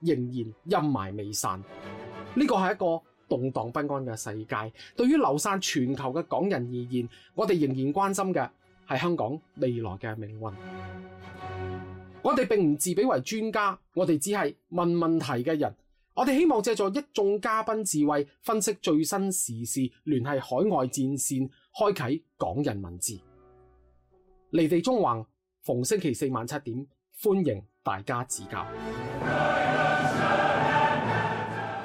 仍然陰霾未散，呢個係一個動盪不安嘅世界。對於流散全球嘅港人而言，我哋仍然關心嘅係香港未來嘅命運。我哋並唔自比為專家，我哋只係問問題嘅人。我哋希望借助一眾嘉賓智慧，分析最新時事，聯繫海外戰線，開啟港人文字。離地縱橫，逢星期四晚七點，歡迎大家指教。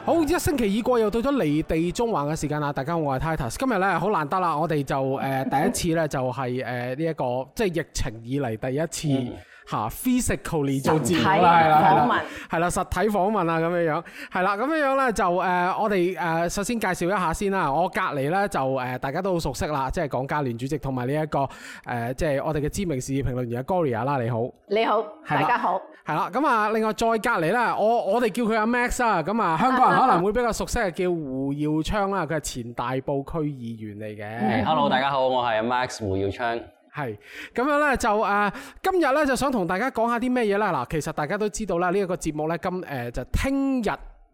好，一星期已過，又到咗離地縱橫嘅時間啦！大家好，我係 Titus，今日呢，好難得啦，我哋就誒第一次呢，就係誒呢一個即係疫情以嚟第一次。嚇，physically 做節目啦，係啦，係啦， 實體訪問啊，咁 樣樣，係啦，咁樣樣咧就誒，我哋誒、呃、首先介紹一下先啦。我隔離咧就誒、呃、大家都好熟悉啦，即係講港加聯主席同埋呢一個誒，即、呃、係、就是、我哋嘅知名時事評論員阿 Gloria 啦，你好，你好，大家好，係啦。咁啊，另外再隔離啦，我我哋叫佢阿 Max 啊，咁啊，香港人可能會比較熟悉係叫胡耀昌啦，佢係前大埔區議員嚟嘅。嗯、hey, hello，大家好，我係阿 Max 胡耀昌。係咁樣咧就誒、呃，今日咧就想同大家講下啲咩嘢啦。嗱，其實大家都知道啦，呢一個節目咧今誒、呃、就聽日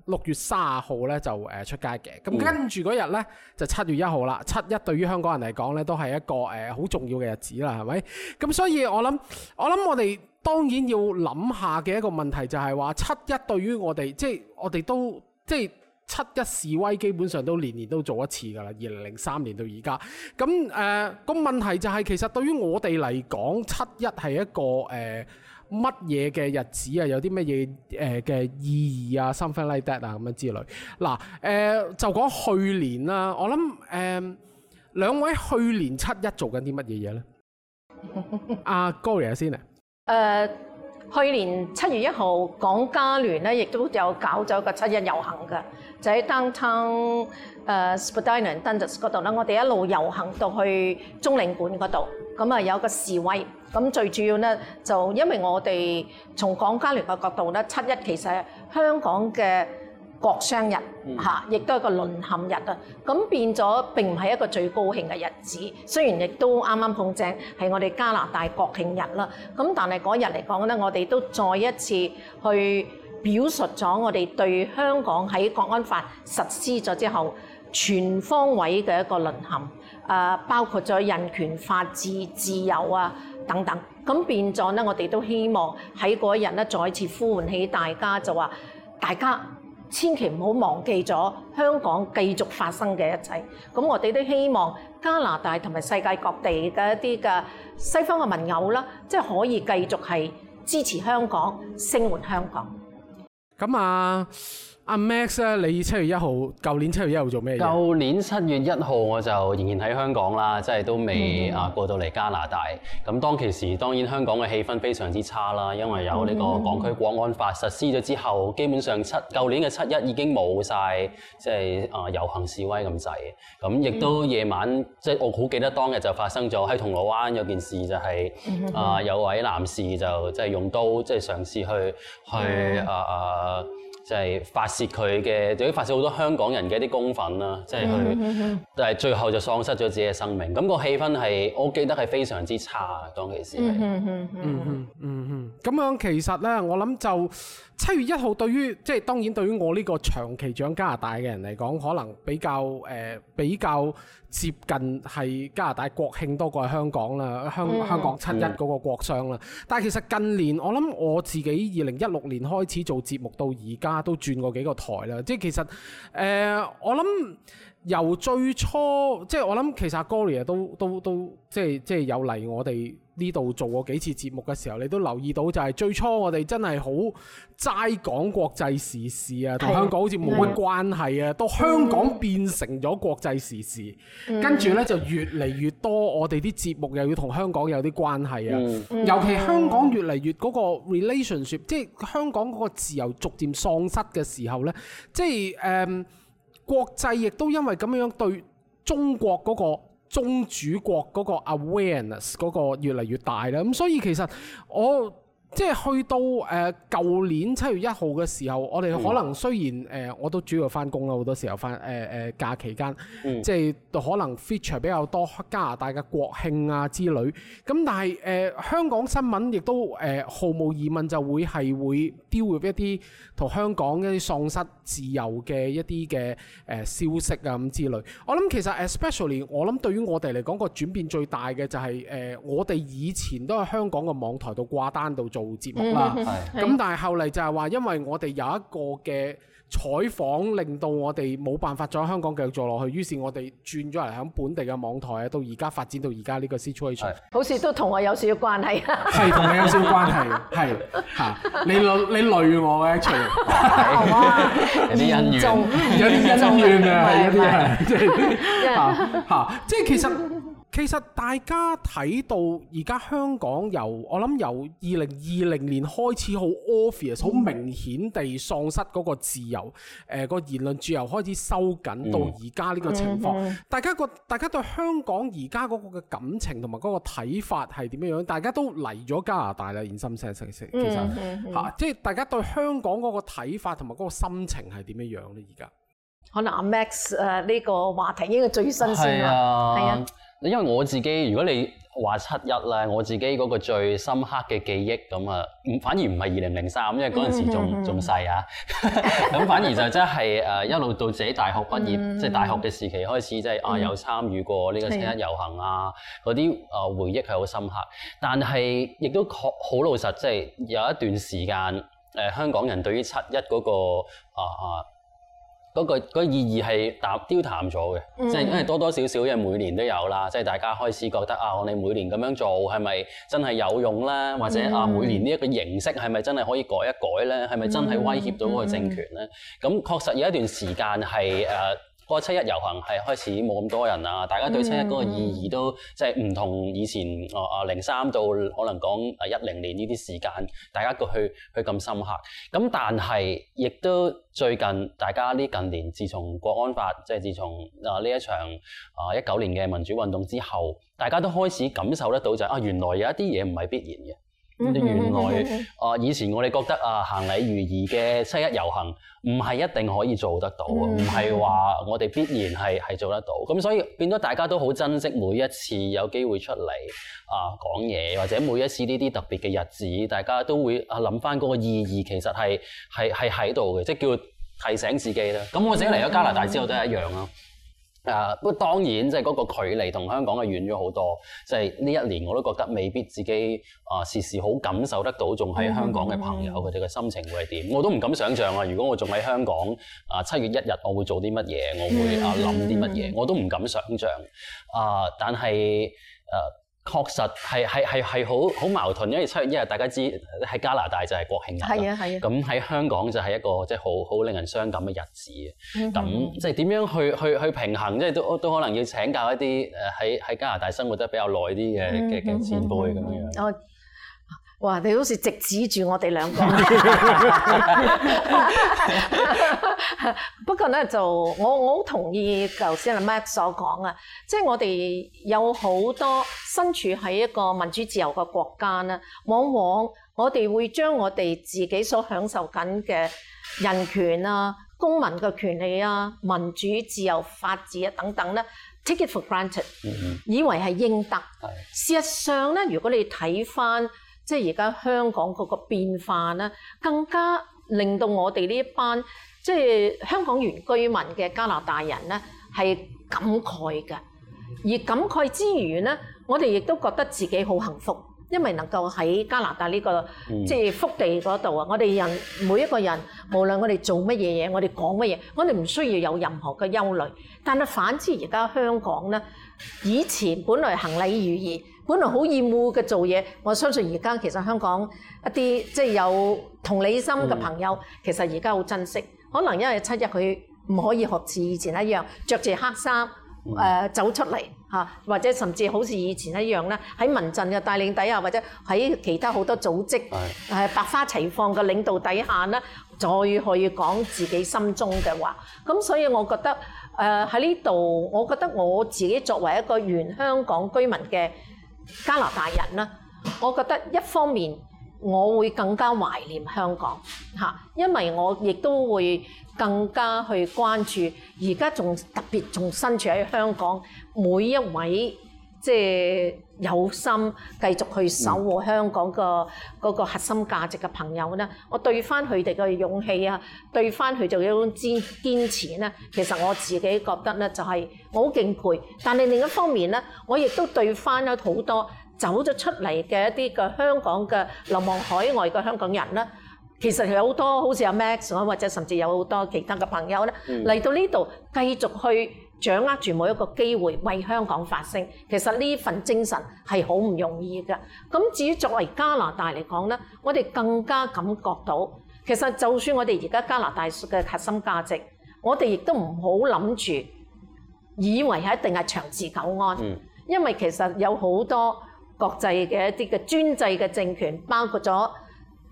六月卅號咧就誒出街嘅。咁、嗯、跟住嗰日咧就七月一號啦。七一對於香港人嚟講咧都係一個誒好、呃、重要嘅日子啦，係咪？咁所以我諗我諗我哋當然要諗下嘅一個問題就係話七一對於我哋即係我哋都即係。即係七一示威基本上都年年都做一次噶啦，二零零三年到而家。咁誒、呃那個問題就係、是、其實對於我哋嚟講，七一係一個誒乜嘢嘅日子啊？有啲乜嘢誒嘅意義啊？Something like that 啊咁樣之類。嗱、呃、誒、呃、就講去年啊，我諗誒、呃、兩位去年七一做緊啲乜嘢嘢咧？阿 Gloria 先啊。誒。Uh 去年七月一號，港加聯呢亦都有搞咗個七一遊行嘅 ow，就喺 downtown Spadina Dundas 嗰度啦。我哋一路遊行到去中領館嗰度，咁啊有一個示威。咁最主要呢，就因為我哋從港加聯嘅角度呢，七一其實香港嘅。國商日嚇，亦都、嗯、係一個淪陷日啊！咁、嗯、變咗並唔係一個最高興嘅日子，雖然亦都啱啱碰正係我哋加拿大國慶日啦。咁但係嗰日嚟講咧，我哋都再一次去表述咗我哋對香港喺國安法實施咗之後全方位嘅一個淪陷啊！包括咗人權、法治、自由啊等等。咁變咗咧，我哋都希望喺嗰日咧再一次呼喚起大家，就話大家。千祈唔好忘記咗香港繼續發生嘅一切，咁我哋都希望加拿大同埋世界各地嘅一啲嘅西方嘅民友啦，即係可以繼續係支持香港、聲援香港。咁啊！阿 Max 你七月一號，舊年七月一號做咩嘢？舊年七月一號我就仍然喺香港啦，即係都未啊過到嚟加拿大。咁、嗯、當其時，當然香港嘅氣氛非常之差啦，因為有呢個港區國安法實施咗之後，嗯、基本上七舊年嘅七一已經冇晒，即係啊遊行示威咁滯。咁亦、嗯、都夜晚，即係我好記得當日就發生咗喺銅鑼灣有件事，就是，就係啊有位男士就即係用刀，即係嘗試去去啊啊！嗯嗯就係發泄佢嘅，就已經發泄好多香港人嘅一啲公憤啦，即係佢， 但係最後就喪失咗自己嘅生命。咁、那個氣氛係，我記得係非常之差嘅，當其時。嗯嗯嗯嗯嗯嗯，咁樣其實咧，我諗就七月一號，對於即係、就是、當然對於我呢個長期住喺加拿大嘅人嚟講，可能比較誒、呃、比較，接近係加拿大國慶多過係香港啦，香港、嗯、香港七一嗰個國商啦。嗯、但係其實近年我諗我自己二零一六年開始做節目到而家，都轉過幾個台啦。即係其實誒、呃，我諗由最初即係我諗其實阿 Gloria 都都都即係即係有嚟我哋。呢度做過幾次節目嘅時候，你都留意到就係最初我哋真係好齋講國際時事啊，同香港好似冇乜關係啊。的到香港變成咗國際時事，跟住、嗯、呢就越嚟越多，我哋啲節目又要同香港有啲關係啊。嗯、尤其香港越嚟越嗰個 relationship，即係香港嗰個自由逐漸喪失嘅時候呢，即係誒國際亦都因為咁樣對中國嗰、嗰個。宗主國嗰個 awareness 嗰個越嚟越大啦，咁所以其實我。即係去到誒舊年七月一號嘅時候，我哋可能雖然誒、嗯呃、我都主要返工啦，好多時候返誒誒假期間，嗯、即係可能 feature 比較多加拿大嘅國慶啊之類，咁但係誒、呃、香港新聞亦都誒、呃、毫無疑問就會係會丟入一啲同香港一啲喪失自由嘅一啲嘅誒消息啊咁之類，我諗其實 especially 我諗對於我哋嚟講個轉變最大嘅就係、是、誒、呃、我哋以前都喺香港嘅網台度掛單度做。做節目啦，咁但係後嚟就係話，因為我哋有一個嘅採訪，令到我哋冇辦法再喺香港繼續做落去，於是我哋轉咗嚟喺本地嘅網台啊，到而家發展到而家呢個 situation，好似都同我有少少關係啊，係同我有少少關係，係吓，你你累我嘅，係嘛，人哋恩怨，有啲恩怨啊，係一啲，即係吓，即係其實。其實大家睇到而家香港由我諗由二零二零年開始好 obvious 好、mm hmm. 明顯地喪失嗰個自由，誒、呃嗰個言論自由開始收緊、mm hmm. 到而家呢個情況，mm hmm. 大家覺大家對香港而家嗰個嘅感情同埋嗰個睇法係點樣樣？大家都嚟咗加拿大啦，現心聲聲聲其實嚇，即係大家對香港嗰個睇法同埋嗰個心情係點樣樣咧？而家可能阿、啊、Max 誒呢個話題應該最新鮮啦，係啊。因為我自己，如果你話七一咧，我自己嗰個最深刻嘅記憶咁啊，反而唔係二零零三，因為嗰陣時仲仲細啊。咁 反而就真係誒一路到自己大學畢業，即係 大學嘅時期開始、就是，即係 啊有參與過呢個七一遊行啊，嗰啲啊回憶係好深刻。但係亦都確好老實，即、就、係、是、有一段時間誒、呃，香港人對於七一嗰、那個啊～啊嗰、嗰個嗰個意義係打丟淡咗嘅，即係因為多多少少因為每年都有啦，即係大家開始覺得啊，我哋每年咁樣做係咪真係有用咧？或者啊，mm hmm. 每年呢一個形式係咪真係可以改一改咧？係咪真係威脅到嗰個政權咧？咁確、mm hmm. 實有一段時間係誒。呃個七一遊行係開始冇咁多人啊，大家對七一嗰個意義都即係唔同以前，啊、呃、啊零三到可能講啊一零年呢啲時間，大家個去去咁深刻。咁但係亦都最近大家呢近年，自從國安法，即係自從啊呢一場啊一九年嘅民主運動之後，大家都開始感受得到就係、係、啊原來有一啲嘢唔係必然嘅。原來啊，以前我哋覺得啊，行禮如儀嘅七一遊行唔係一定可以做得到，唔係話我哋必然係係做得到。咁所以變咗大家都好珍惜每一次有機會出嚟啊講嘢，或者每一次呢啲特別嘅日子，大家都會啊諗翻嗰個意義，其實係係係喺度嘅，即係叫提醒自己啦。咁我自從嚟咗加拿大之後都係一樣啊。啊！不過當然，即係嗰個距離同香港係遠咗好多。即係呢一年，我都覺得未必自己啊、呃、時時好感受得到，仲喺香港嘅朋友佢哋嘅心情會係點？我都唔敢想象啊！如果我仲喺香港啊，呃、七月一日我會做啲乜嘢？我會啊諗啲乜嘢？嗯、我都唔敢想象。啊、呃！但係誒。呃確實係係係係好好矛盾，因為七月一日大家知喺加拿大就係國慶日，係啊係啊。咁喺香港就係一個即係好好令人傷感嘅日子咁、嗯、哼即係點樣去去去平衡？即係都都可能要請教一啲誒喺喺加拿大生活得比較耐啲嘅嘅前輩咁、嗯、哼樣。哇！你好似直指住我哋兩個。 不過咧，就我我好同意頭先阿 Max 所講啊，即係我哋有好多身處喺一個民主自由嘅國家咧，往往我哋會將我哋自己所享受緊嘅人權啊、公民嘅權利啊、民主自由法治啊等等咧，take it for granted，嗯哼，以為係應得。的事實上咧，如果你睇翻，即係而家香港嗰個變化咧，更加令到我哋呢一班即係香港原居民嘅加拿大人咧，係感慨嘅。而感慨之餘咧，我哋亦都覺得自己好幸福，因為能夠喺加拿大呢個即係福地嗰度啊！我哋人每一個人，無論我哋做乜嘢嘢，我哋講乜嘢，我哋唔需要有任何嘅憂慮。但係反之，而家香港咧，以前本來行禮如儀。本來好厭惡嘅做嘢，我相信而家其實香港一啲即係有同理心嘅朋友，其實而家好珍惜。可能因為七一佢唔可以學似以前一樣着住黑衫誒、呃、走出嚟嚇，或者甚至好似以前一樣咧，喺民陣嘅帶領底下，或者喺其他好多組織係百花齊放嘅領導底下咧，再去講自己心中嘅話。咁所以我覺得誒喺呢度，我覺得我自己作為一個原香港居民嘅。加拿大人啦，我覺得一方面我會更加懷念香港吓，因為我亦都會更加去關注，而家仲特別仲身處喺香港每一位即有心繼續去守護香港個嗰核心價值嘅朋友咧，我對翻佢哋嘅勇氣啊，對翻佢就要堅堅持咧。其實我自己覺得咧，就係我好敬佩。但係另一方面咧，我亦都對翻咗好多走咗出嚟嘅一啲嘅香港嘅流亡海外嘅香港人咧，其實有好多好似阿 Max 啊，或者甚至有好多其他嘅朋友咧嚟、嗯、到呢度繼續去。掌握住每一個機會為香港發聲，其實呢份精神係好唔容易嘅。咁至於作為加拿大嚟講咧，我哋更加感覺到，其實就算我哋而家加拿大嘅核心價值，我哋亦都唔好諗住以為係一定係長治久安。嗯。因為其實有好多國際嘅一啲嘅專制嘅政權，包括咗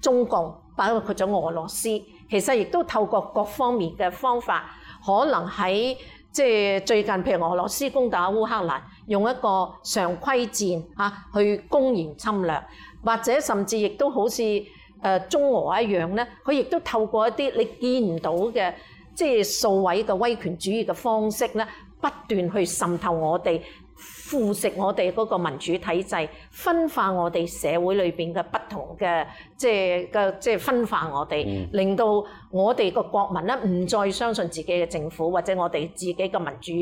中共，包括咗俄羅斯，其實亦都透過各方面嘅方法，可能喺最近，譬如俄羅斯攻打烏克蘭，用一個常規戰去公然侵略，或者甚至亦都好似中俄一樣咧，佢亦都透過一啲你見唔到嘅，即係數位嘅威權主義嘅方式咧，不斷去滲透我哋。腐蝕我哋嗰個民主體制，分化我哋社會裏邊嘅不同嘅，即係嘅即係分化我哋，令到我哋個國民咧唔再相信自己嘅政府，或者我哋自己嘅民主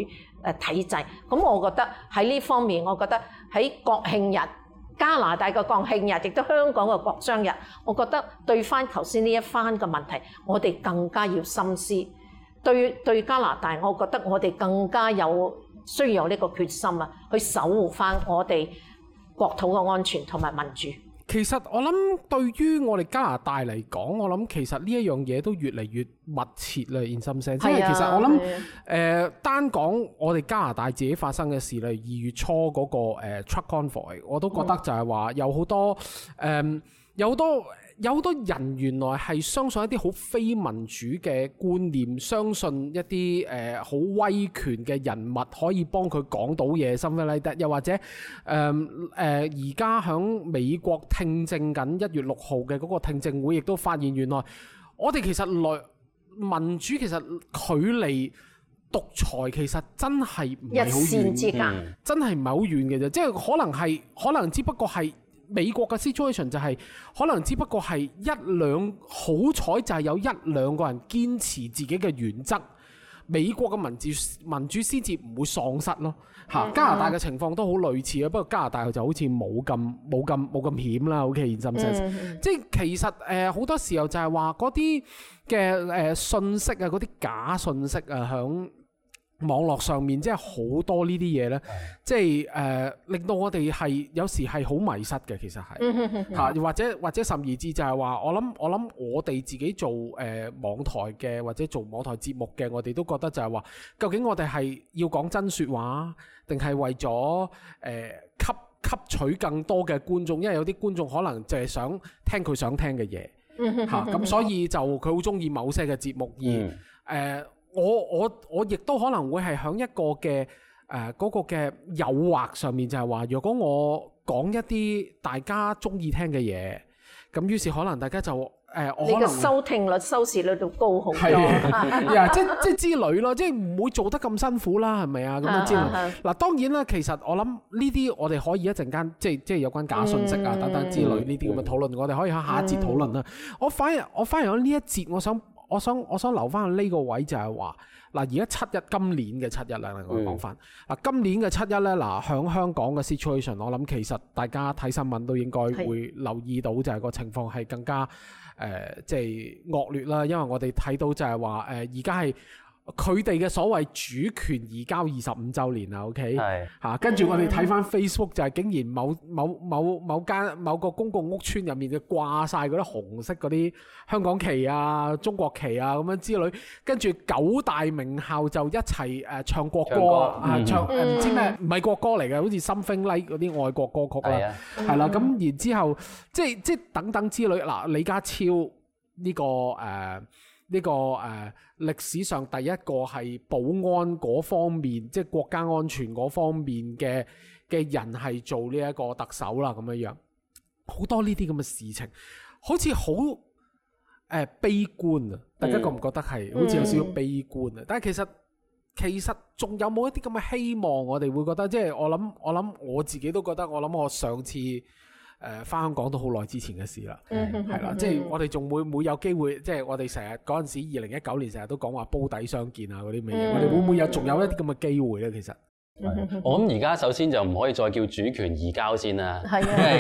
誒體制。咁、嗯、我覺得喺呢方面，我覺得喺國慶日、加拿大嘅國慶日，亦都香港嘅國雙日國殤日，我覺得對翻頭先呢一番嘅問題，我哋更加要深思。對對加拿大，我覺得我哋更加有。需要有呢個決心啊，去守護翻我哋國土嘅安全同埋民主。其實我諗對於我哋加拿大嚟講，我諗其實呢一樣嘢都越嚟越密切啦，現心聲。即係其實我諗誒，單講我哋加拿大自己發生嘅事咧，二月初嗰、那個誒、uh, truck convoy，我都覺得就係話有好多誒有好多。嗯呃有好多人原來係相信一啲好非民主嘅觀念，相信一啲誒好威權嘅人物可以幫佢講到嘢。Something like that，又或者誒誒，而家響美國聽證緊一月六號嘅嗰個聽證會，亦都發現原來我哋其實來民主其實距離獨裁其實真係唔係好遠，一線之隔，真係唔係好遠嘅啫。的即係可能係可能，只不過係。美國嘅 situation 就係、是、可能只不過係一兩好彩就係有一兩個人堅持自己嘅原則，美國嘅民主民主先至唔會喪失咯。嚇、嗯，加拿大嘅情況都好類似啊，不過加拿大就好似冇咁冇咁冇咁險啦。O.K.，唔使，即係、嗯、其實誒好多時候就係話嗰啲嘅誒信息啊，嗰啲假信息啊，響網絡上面即係好多呢啲嘢呢，即係令到我哋係有時係好迷失嘅，其實係嚇， 或者或者甚而至就係話，我諗我諗我哋自己做誒、呃、網台嘅或者做網台節目嘅，我哋都覺得就係話，究竟我哋係要講真説話，定係為咗誒、呃、吸吸取更多嘅觀眾？因為有啲觀眾可能就係想聽佢想聽嘅嘢嚇，咁、 啊、所以就佢好中意某些嘅節目而誒。嗯呃我我我亦都可能會係喺一個嘅誒嗰個嘅誘惑上面，就係話，如果我講一啲大家中意聽嘅嘢，咁於是可能大家就誒，我收聽率、收視率都高好多，即即之類咯，即唔會做得咁辛苦啦，係咪啊？咁樣之類。嗱當然啦，其實我諗呢啲我哋可以一陣間，即即有關假訊息啊等等之類呢啲咁嘅討論，我哋可以喺下一節討論啦。我反而我反而喺呢一節我想。我想我想留翻喺呢個位就係話，嗱而家七一今年嘅七一咧，我講翻，嗱今年嘅七一呢，嗱喺香港嘅 situation，我諗其實大家睇新聞都應該會留意到，就係個情況係更加誒即係惡劣啦，因為我哋睇到就係話誒而家係。呃佢哋嘅所謂主權移交二十五週年啦，OK，嚇是，跟住、啊、我哋睇翻 Facebook 就係，竟然某某某某間某個公共屋邨入面就掛晒嗰啲紅色嗰啲香港旗啊、中國旗啊咁樣之類，跟住九大名校就一齊誒、呃、唱國歌，唱歌、嗯、啊，唱唔、嗯啊、知咩唔係國歌嚟嘅，好似 something like 嗰啲愛國歌曲啦，係啦的，咁、嗯、然之後，然後即係即係等等之類，嗱、呃、李家超呢、這個誒。呃呃呢、這個誒、呃、歷史上第一個係保安嗰方面，即係國家安全嗰方面嘅嘅人係做呢一個特首啦，咁樣這這樣好多呢啲咁嘅事情，好似好誒悲觀啊！大家覺唔覺得係、嗯、好似有少少悲觀啊？嗯、但係其實其實仲有冇一啲咁嘅希望？我哋會覺得即係我諗，我諗我，我自己都覺得，我諗我上次。誒，返香港都好耐之前嘅事啦，係啦，即係我哋仲會唔會有機會？即係我哋成日嗰陣時，二零一九年成日都講話煲底相見啊嗰啲咩嘢， 我哋會唔會有仲有一啲咁嘅機會呢？其實？嗯、哼哼我諗而家首先就唔可以再叫主權移交先啦，係的啊，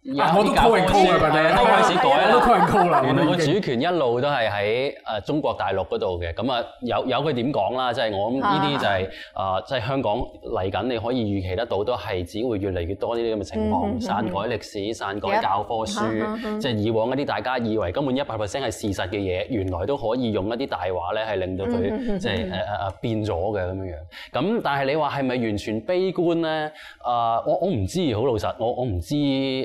因為我高啲都開始改，都高完啦。我叫叫主權一路都係喺誒中國大陸嗰度嘅，咁、就是就是、啊有有佢點講啦，即係我諗呢啲就係誒即係香港嚟緊，你可以預期得到都係只會越嚟越多呢啲咁嘅情況，篡、嗯、改歷史、篡改教科書，即係、嗯、以往一啲大家以為根本一百 percent 係事實嘅嘢，原來都可以用一啲大話咧，係令到佢即係誒誒變咗嘅咁樣樣。咁但係你話係咪？完全悲觀咧？啊、呃，我我唔知，好老實，我我唔知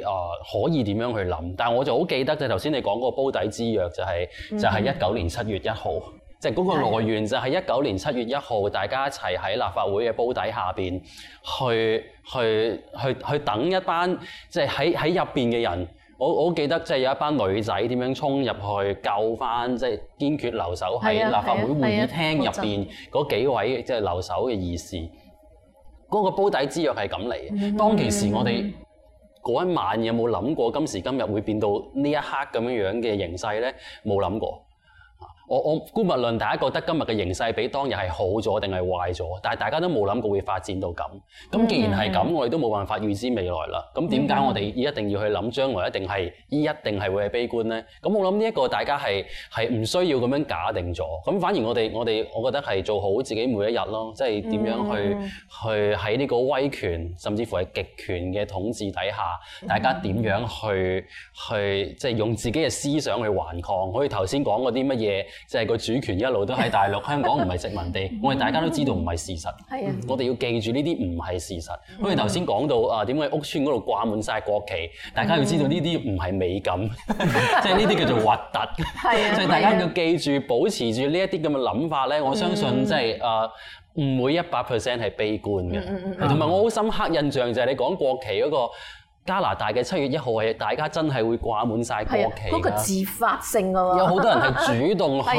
啊、呃，可以點樣去諗？但係我就好記得啫。頭先你講嗰個煲底之約、就係，嗯、哼就係、嗯、哼就係一九年七月一號，即係嗰個來源就係一九年七月一號，的大家一齊喺立法會嘅煲底下邊去去去去，去等一班即係喺喺入邊嘅人。我我記得即係有一班女仔點樣衝入去救翻，即、就、係、是、堅決留守喺立法會會，會議廳入邊嗰幾位，即係留守嘅義士。嗰個煲底之約係咁嚟嘅， 當其時我哋嗰一晚有冇諗過今時今日會變到呢一刻咁樣樣嘅形勢咧？冇諗過。我我姑勿論，大家覺得今日嘅形勢比當日係好咗定係壞咗，但係大家都冇諗過會發展到咁。咁既然係咁，mm hmm. 我哋都冇辦法預知未來啦。咁點解我哋一定要去諗將來一定係一定係會係悲觀咧？咁我諗呢一個大家係係唔需要咁樣假定咗。咁反而我哋我哋我覺得係做好自己每一日咯，即係點樣去、mm hmm. 去喺呢個威權甚至乎係極權嘅統治底下，大家點樣去、mm hmm. 去即係用自己嘅思想去頑抗？好似頭先講嗰啲乜嘢？就係個主權一路都喺大陸，香港唔係殖民地，我哋大家都知道唔係事實。係啊，我哋要記住呢啲唔係事實。好似頭先講到啊，點解屋村嗰度掛滿晒國旗？大家要知道呢啲唔係美感，即係呢啲叫做核突。係啊，所以大家要記住，保持住呢一啲咁嘅諗法咧，我相信即係啊唔會一百 percent 係悲觀嘅。同埋我好深刻印象就係你講國旗嗰個。加拿大嘅七月一號，係大家真係會掛滿晒國旗嘅。個自發性嘅 有好多人係主動去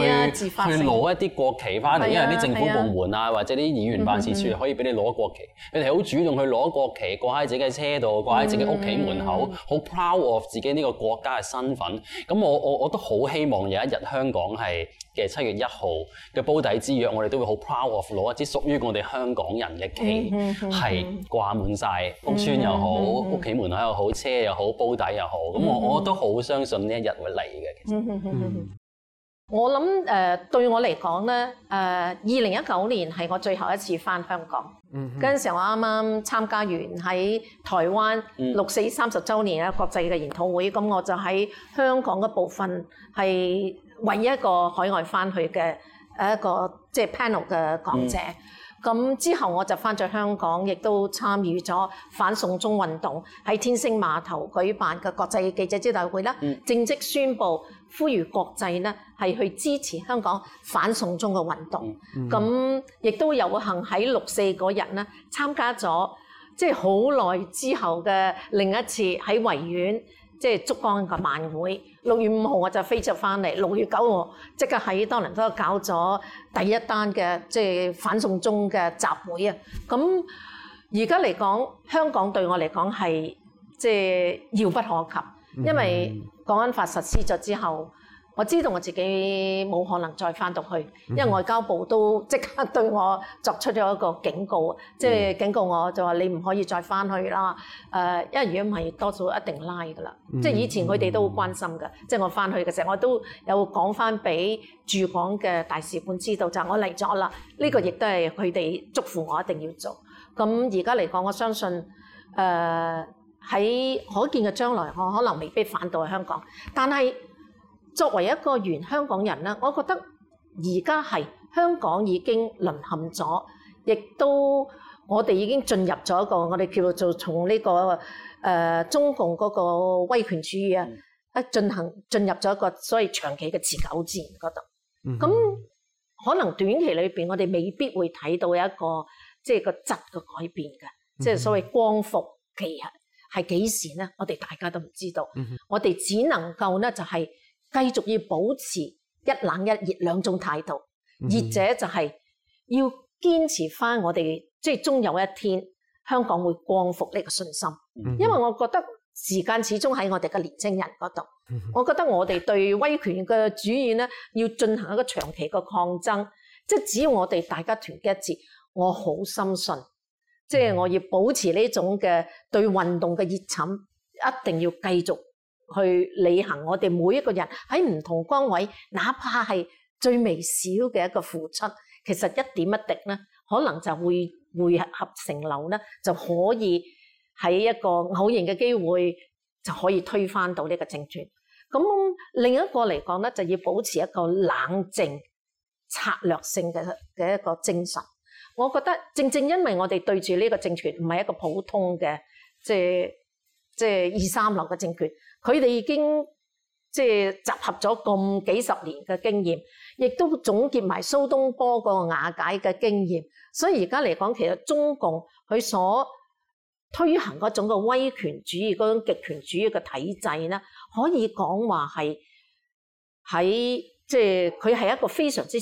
去攞一啲國旗翻嚟，的因為啲政府部門啊，的或者啲議員辦事處可以俾你攞國旗。佢哋好主動去攞國旗掛喺自己嘅車度，掛喺自己屋企、嗯嗯、門口，好 proud of 自己呢個國家嘅身份。咁我我我都好希望有一日香港係。嘅七月一號嘅煲底之約，我哋都會好 proud of 攞一支屬於我哋香港人嘅旗，係、mm hmm. 掛滿晒屋邨又好，屋企、mm hmm. 門口又好，車又好，煲底又好。咁、mm hmm. 我我都好相信呢一日會嚟嘅。其實，我諗誒對我嚟講咧，誒二零一九年係我最後一次翻香港。嗰陣、mm hmm. 時候我啱啱參加完喺台灣、mm hmm. 六四三十週年啊國際嘅研討會，咁我就喺香港嘅部分係。唯一一個海外翻去嘅誒一個即係 panel 嘅講者，咁、就是嗯、之後我就翻咗香港，亦都參與咗反送中運動喺天星碼頭舉辦嘅國際記者招待會啦。正式、嗯、宣布呼籲國際咧係去支持香港反送中嘅運動，咁、嗯、亦都有幸喺六四嗰日咧參加咗，即係好耐之後嘅另一次喺維園即係燭光嘅晚會。六月五號我就飛咗返嚟，六月九號即刻喺多倫多搞咗第一單嘅即係反送中嘅集會啊！咁而家嚟講，香港對我嚟講係即遙不可及，因為港安法實施咗之後。我知道我自己冇可能再翻到去，因為外交部都即刻對我作出咗一個警告，即係警告我就話你唔可以再翻去啦。誒、呃，因為如果唔係多數一定拉噶啦，即係以前佢哋都好關心噶，即係我翻去嘅時候，我都有講翻俾駐港嘅大使館知道。就係、我嚟咗啦，呢、呢個亦都係佢哋祝福我一定要做。咁而家嚟講，我相信誒喺、呃、可見嘅將來，我可能未必返到去香港，但係，作為一個原香港人咧，我覺得而家係香港已經淪陷咗，亦都我哋已經進入咗一個我哋叫做從呢、這個誒、呃、中共嗰個威權主義啊，一進行進入咗一個所謂長期嘅持久戰嗰度。咁、嗯、哼可能短期裏邊我哋未必會睇到一個即係個質嘅改變嘅，即係所謂光復期呀，係幾時咧？我哋大家都唔知道，嗯、哼我哋只能夠咧就係、是。繼續要保持一冷一熱兩種態度，熱者就係要堅持返我哋，即係終有一天香港會光復呢個信心。因為我覺得時間始終喺我哋嘅年輕人嗰度，我覺得我哋對威權嘅主義呢，要進行一個長期嘅抗爭。即係只要我哋大家團結一致，我好深信，即係我要保持呢種嘅對運動嘅熱忱，一定要繼續。去履行我哋每一個人喺唔同崗位，哪怕係最微小嘅一個付出，其實一點一滴咧，可能就會匯合成流咧，就可以喺一個偶然嘅機會就可以推翻到呢個政權。咁另一個嚟講咧，就要保持一個冷靜、策略性嘅嘅一個精神。我覺得正正因為我哋對住呢個政權唔係一個普通嘅，即係即係二三流嘅政權。佢哋已經集合咗咁幾十年嘅經驗，亦都總結埋蘇東波個瓦解嘅經驗。所以而家嚟講，其實中共佢所推行嗰種嘅威權主義、嗰種極權主義嘅體制呢，可以講話係喺即係佢係一個非常之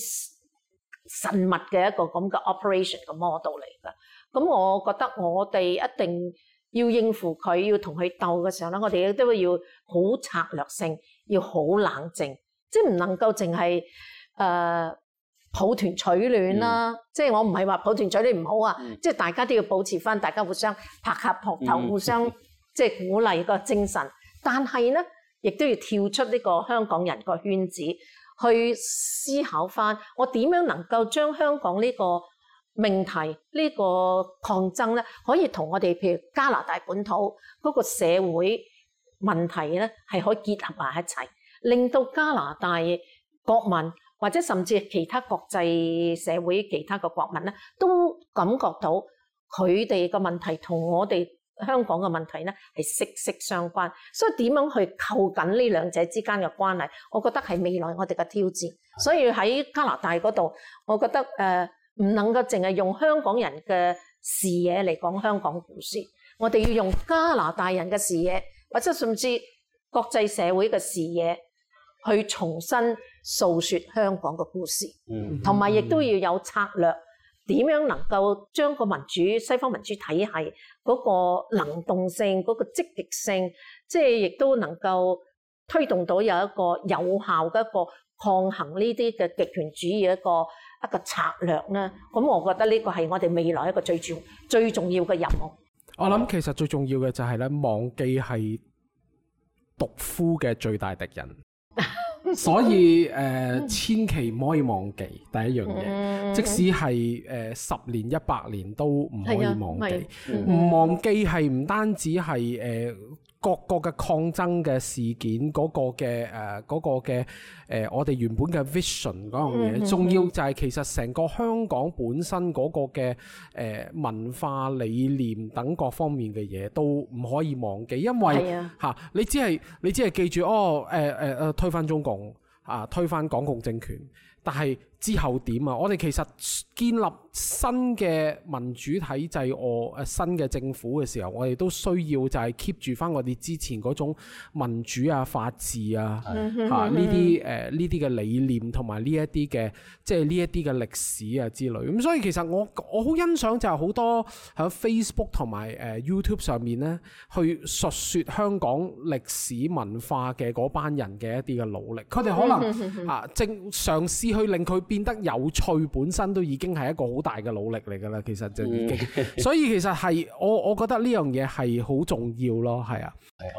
神秘嘅一個咁嘅 operation 嘅 model 嚟㗎。咁我覺得我哋一定，要應付佢，要同佢鬥嘅時候咧，我哋亦都要好策略性，要好冷靜，即係唔能夠淨係誒抱團取暖啦。嗯、即係我唔係話抱團取暖唔好啊，嗯、即係大家都要保持翻，大家互相拍下膊頭，嗯、互相即係鼓勵個精神。嗯、 但係咧，亦都要跳出呢個香港人個圈子去思考翻，我點樣能夠將香港呢、這個，命題呢、呢個抗爭呢，可以同我哋譬如加拿大本土嗰個社會問題呢，係可以結合埋一齊，令到加拿大國民或者甚至其他國際社會其他嘅國民呢，都感覺到佢哋個問題同我哋香港嘅問題呢係息息相關。所以點樣去扣緊呢兩者之間嘅關係，我覺得係未來我哋嘅挑戰。所以喺加拿大嗰度，我覺得、呃唔能夠淨係用香港人嘅視野嚟講香港故事，我哋要用加拿大人嘅視野，或者甚至國際社會嘅視野去重新訴說香港嘅故事，嗯，同埋亦都要有策略，點樣能夠將個民主、西方民主體系嗰個能動性、嗰個積極性，即係亦都能夠推動到有一個有效嘅一個抗衡呢啲嘅極權主義一個一個策略咧，咁我覺得呢個係我哋未來一個最重最重要嘅任務。我諗其實最重要嘅就係呢，忘記係獨夫嘅最大敵人， 所以誒、呃、千祈唔可以忘記第一樣嘢，嗯、即使係誒、呃、十年一百年都唔可以忘記。忘記係唔單止係誒、呃各國嘅抗爭嘅事件嗰、嗰個嘅誒嗰個嘅誒、呃、我哋原本嘅 vision 嗰樣嘢，仲要就係其實成個香港本身嗰個嘅誒、呃、文化理念等各方面嘅嘢都唔可以忘記，因為嚇是的、啊、你只係你只係記住哦誒誒誒推翻中共。啊，推翻港共政權，但係之後點啊？我哋其實建立新嘅民主體制我，我誒新嘅政府嘅時候，我哋都需要就係 keep 住翻我哋之前嗰種民主啊、法治啊、嚇呢啲誒呢啲嘅理念同埋呢一啲嘅即係呢一啲嘅歷史啊之類，咁所以其實我我好欣賞就係好多喺 Facebook 同埋誒 YouTube 上面咧，去述說香港歷史文化嘅嗰班人嘅一啲嘅努力。佢哋可能。 啊！正嘗試去令佢變得有趣，本身都已經係一個好大嘅努力嚟㗎啦。其實就已經， 所以其實係我我覺得呢樣嘢係好重要咯，係啊。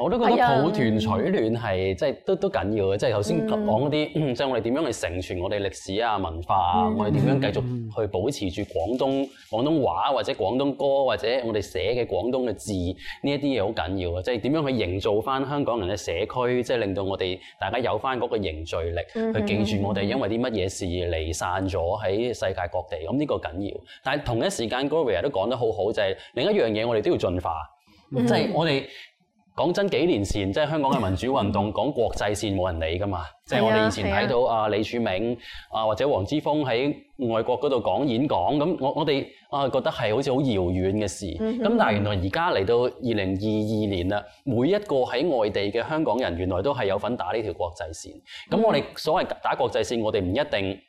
我都覺得抱團取暖係即係都都緊要嘅。即係頭先講嗰啲，即係、嗯、我哋點樣去承傳我哋歷史啊、文化啊，嗯、我哋點樣繼續去保持住廣東廣東話或者廣東歌或者我哋寫嘅廣東嘅字呢一啲嘢好緊要啊！即係點樣去營造翻香港人嘅社區，即係令到我哋大家有翻嗰個凝聚力去、嗯、記住我哋，因為啲乜嘢事而離散咗喺世界各地，咁、這、呢個緊要。但係同一時間 Gloria 都講得好好，就係、是、另一樣嘢，我哋都要進化，即、就、係、是、我哋講、嗯、哼真，幾年前即係、就是、香港嘅民主運動，講 國際線冇人理噶嘛，即係 我哋以前睇到阿李柱銘啊 或者黃之鋒喺外國嗰度講演講，咁我我哋。我係覺得係好似好遙遠嘅事，咁但係原來而家嚟到二零二二年啦，每一個喺外地嘅香港人原來都係有份打呢條國際線。咁我哋所謂打國際線，我哋唔一定。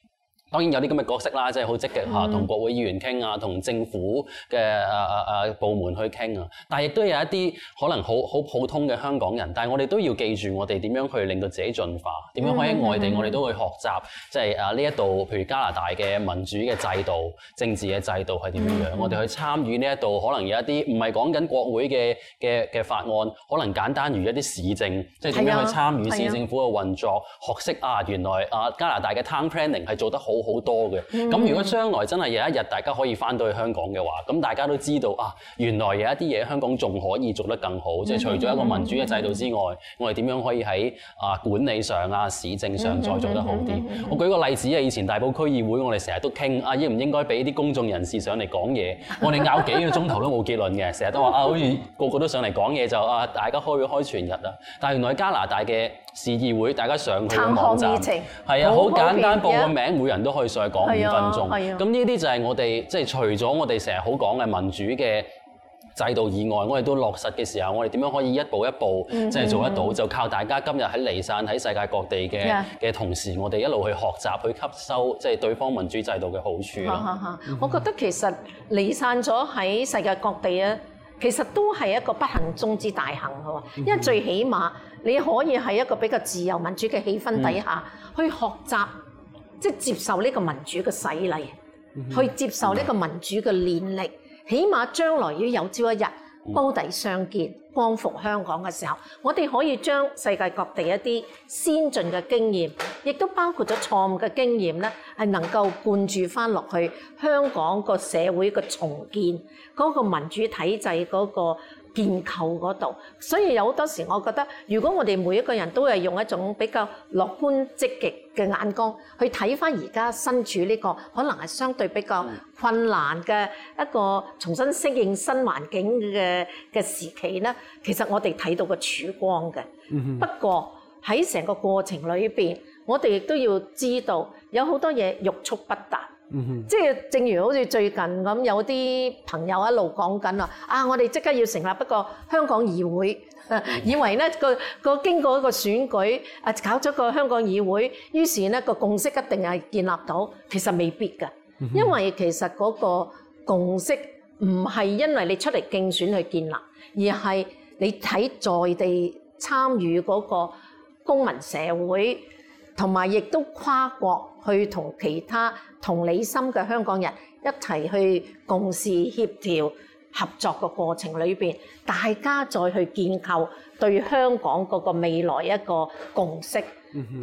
當然有啲咁嘅角色啦，即係好積極嚇，同、嗯、國會議員傾啊，同政府嘅誒誒誒部門去傾啊。但係亦都有一啲可能好好普通嘅香港人，但係我哋都要記住我哋點樣去令到自己進化，點、嗯、樣可以喺外地我哋都會學習，即係、嗯就是、啊呢一度譬如加拿大嘅民主嘅制度、政治嘅制度係點樣樣，嗯、我哋去參與呢一度可能有一啲唔係講緊國會嘅嘅嘅法案，可能簡單如一啲市政，嗯、即係點樣去參與市政府嘅運作，嗯嗯嗯、學識啊原來啊加拿大嘅 time planning 係做得好。好多嘅，咁、嗯、如果將來真係有一日大家可以翻到去香港嘅話，咁大家都知道啊，原來有一啲嘢香港仲可以做得更好，即係、嗯、除咗一個民主嘅制度之外，嗯嗯、我哋點樣可以喺啊管理上啊市政上再做得好啲？嗯嗯嗯嗯嗯、我舉個例子啊，以前大埔區議會我，我哋成日都傾啊，應唔應該俾啲公眾人士上嚟講嘢？我哋拗幾個鐘頭都冇結論嘅，成日都話啊，哎、好似個個都上嚟講嘢就啊，大家開會開全日啊。但係原來加拿大嘅。市議會，大家上佢網站，係啊，好不簡單報個名，每人都可以上去講五分鐘。係啊。咁呢啲就係我哋即係除咗我哋成日好講嘅民主嘅制度以外，我哋都落實嘅時候，我哋點樣可以一步一步即係做得到？嗯嗯就靠大家今日喺離散喺世界各地嘅嘅、嗯嗯、同時，我哋一路去學習去吸收，即係對方民主制度嘅好處咯。嗯嗯嗯、我覺得其實離散咗喺世界各地啊。其實都係一個不幸中之大幸嘅喎，因為最起碼你可以喺一個比較自由民主嘅氣氛底下，嗯、去學習，即接受呢個民主嘅洗禮，嗯、去接受呢個民主嘅鍛鍊，嗯、起碼將來要有朝一日煲底相見。嗯光復香港嘅時候，我哋可以將世界各地一啲先進嘅經驗，亦都包括咗錯誤嘅經驗咧，係能夠灌注翻落去香港個社會個重建嗰、那個民主體制嗰、那個。建構嗰度，所以有好多時我覺得，如果我哋每一個人都係用一種比較樂觀積極嘅眼光去睇翻而家身處呢、這個可能係相對比較困難嘅一個重新適應新環境嘅嘅時期咧，其實我哋睇到個曙光嘅。嗯、哼不過喺成個過程裏邊，我哋亦都要知道有好多嘢欲速不達。即係，嗯、正如好似最近咁，有啲朋友一路講緊話，啊，我哋即刻要成立一個香港議會，嗯、哼以為咧個個經過一個選舉，啊，搞咗個香港議會，於是呢個共識一定係建立到，其實未必㗎，嗯、哼因為其實嗰個共識唔係因為你出嚟競選去建立，而係你睇在地參與嗰個公民社會，同埋亦都跨國，去同其他同理心嘅香港人一齊去共事、協調合作嘅過程裏邊，大家再去建構對香港嗰個未來一個共識，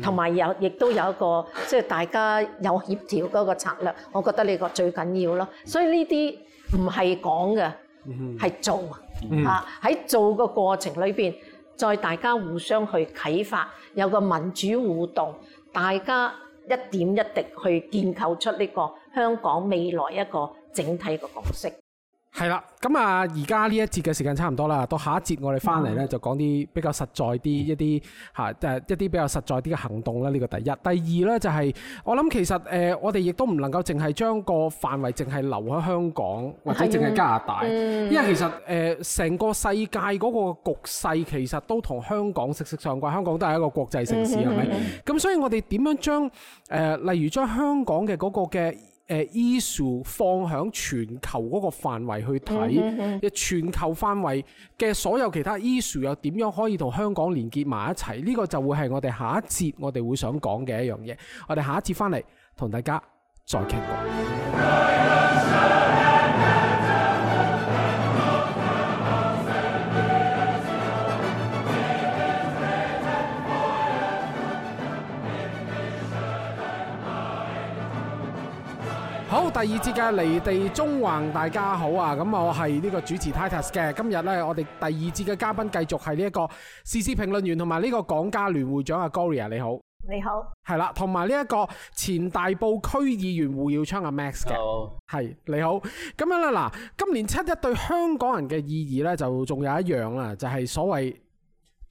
同埋、嗯、哼有亦都有一個即係、就是、大家有協調嗰個策略，我覺得呢個最緊要咯。所以呢啲唔係講嘅，係、嗯、哼做、嗯、哼啊！喺做個過程裏邊，再大家互相去啟發，有個民主互動大家，一點一滴去建構出呢個香港未來一個整體嘅角色。係啦，咁啊，而家呢一節嘅時間差唔多啦，到下一節我哋翻嚟呢，就講啲比較實在啲、嗯、一啲嚇，即係一啲比較實在啲嘅行動啦。呢個第一，第二呢、就係，就係我諗其實誒，我哋亦都唔能夠淨係將個範圍淨係留喺香港或者淨係加拿大，嗯、因為其實誒成、呃、個世界嗰個局勢其實都同香港息息相關。香港都係一個國際城市係咪？咁所以我哋點樣將誒、呃，例如將香港嘅嗰個嘅。誒 issue 放響全球嗰個範圍去睇， 全球範圍嘅所有其他 issue 又點樣可以同香港連結埋一齊？呢個就會係我哋下一節我哋會想講嘅一樣嘢。我哋下一節翻嚟同大家再傾過。第二節嘅離地縱橫，大家好啊！咁我係呢個主持 Titus 嘅，今日呢，我哋第二節嘅嘉賓繼續係呢一個時事評論員同埋呢個港加聯會長阿 Gloria，你好，你好，係啦，同埋呢一個前大埔區議員胡耀昌阿 Max 嘅，係你好，咁樣啦嗱，今年七一對香港人嘅意義呢，就仲有一樣啊，就係、是、所謂。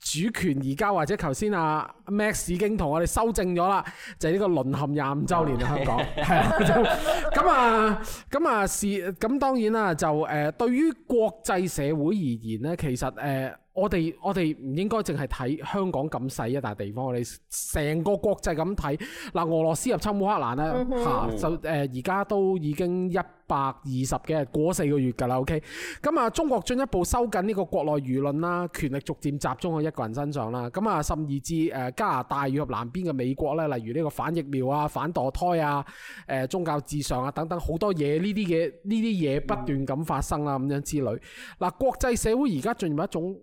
主權移交，或者頭先啊 Max 已經同我哋修正咗啦，就係、是、呢個淪陷廿五周年啊香港。係啦咁啊咁啊是咁當然啦就誒、呃、對於國際社會而言咧，其實誒。呃我哋我哋唔應該淨係睇香港咁細一笪地方，我哋成個國際咁睇嗱。俄羅斯入侵烏克蘭咧嚇、嗯啊，就誒而家都已經一百二十幾日過四個月㗎啦。OK，咁、嗯、啊，中國進一步收緊呢個國內輿論啦，權力逐漸集中喺一個人身上啦。咁、嗯、啊，甚至誒加拿大與南邊嘅美國咧，例如呢個反疫苗啊、反墮胎啊、誒、呃、宗教至上啊等等好多嘢，呢啲嘢呢啲嘢不斷咁發生啦，咁、嗯、樣之類嗱、嗯。國際社會而家進入一種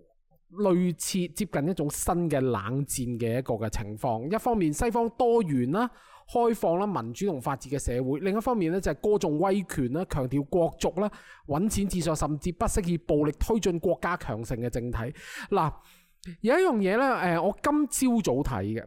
類似接近一種新嘅冷戰嘅一個嘅情況，一方面西方多元啦、開放啦、民主同法治嘅社會，另一方面咧就係歌頌威權啦、強調國族啦、揾錢至上，甚至不惜以暴力推進國家強盛嘅政體。嗱，有一樣嘢呢，誒、呃，我今朝早睇嘅，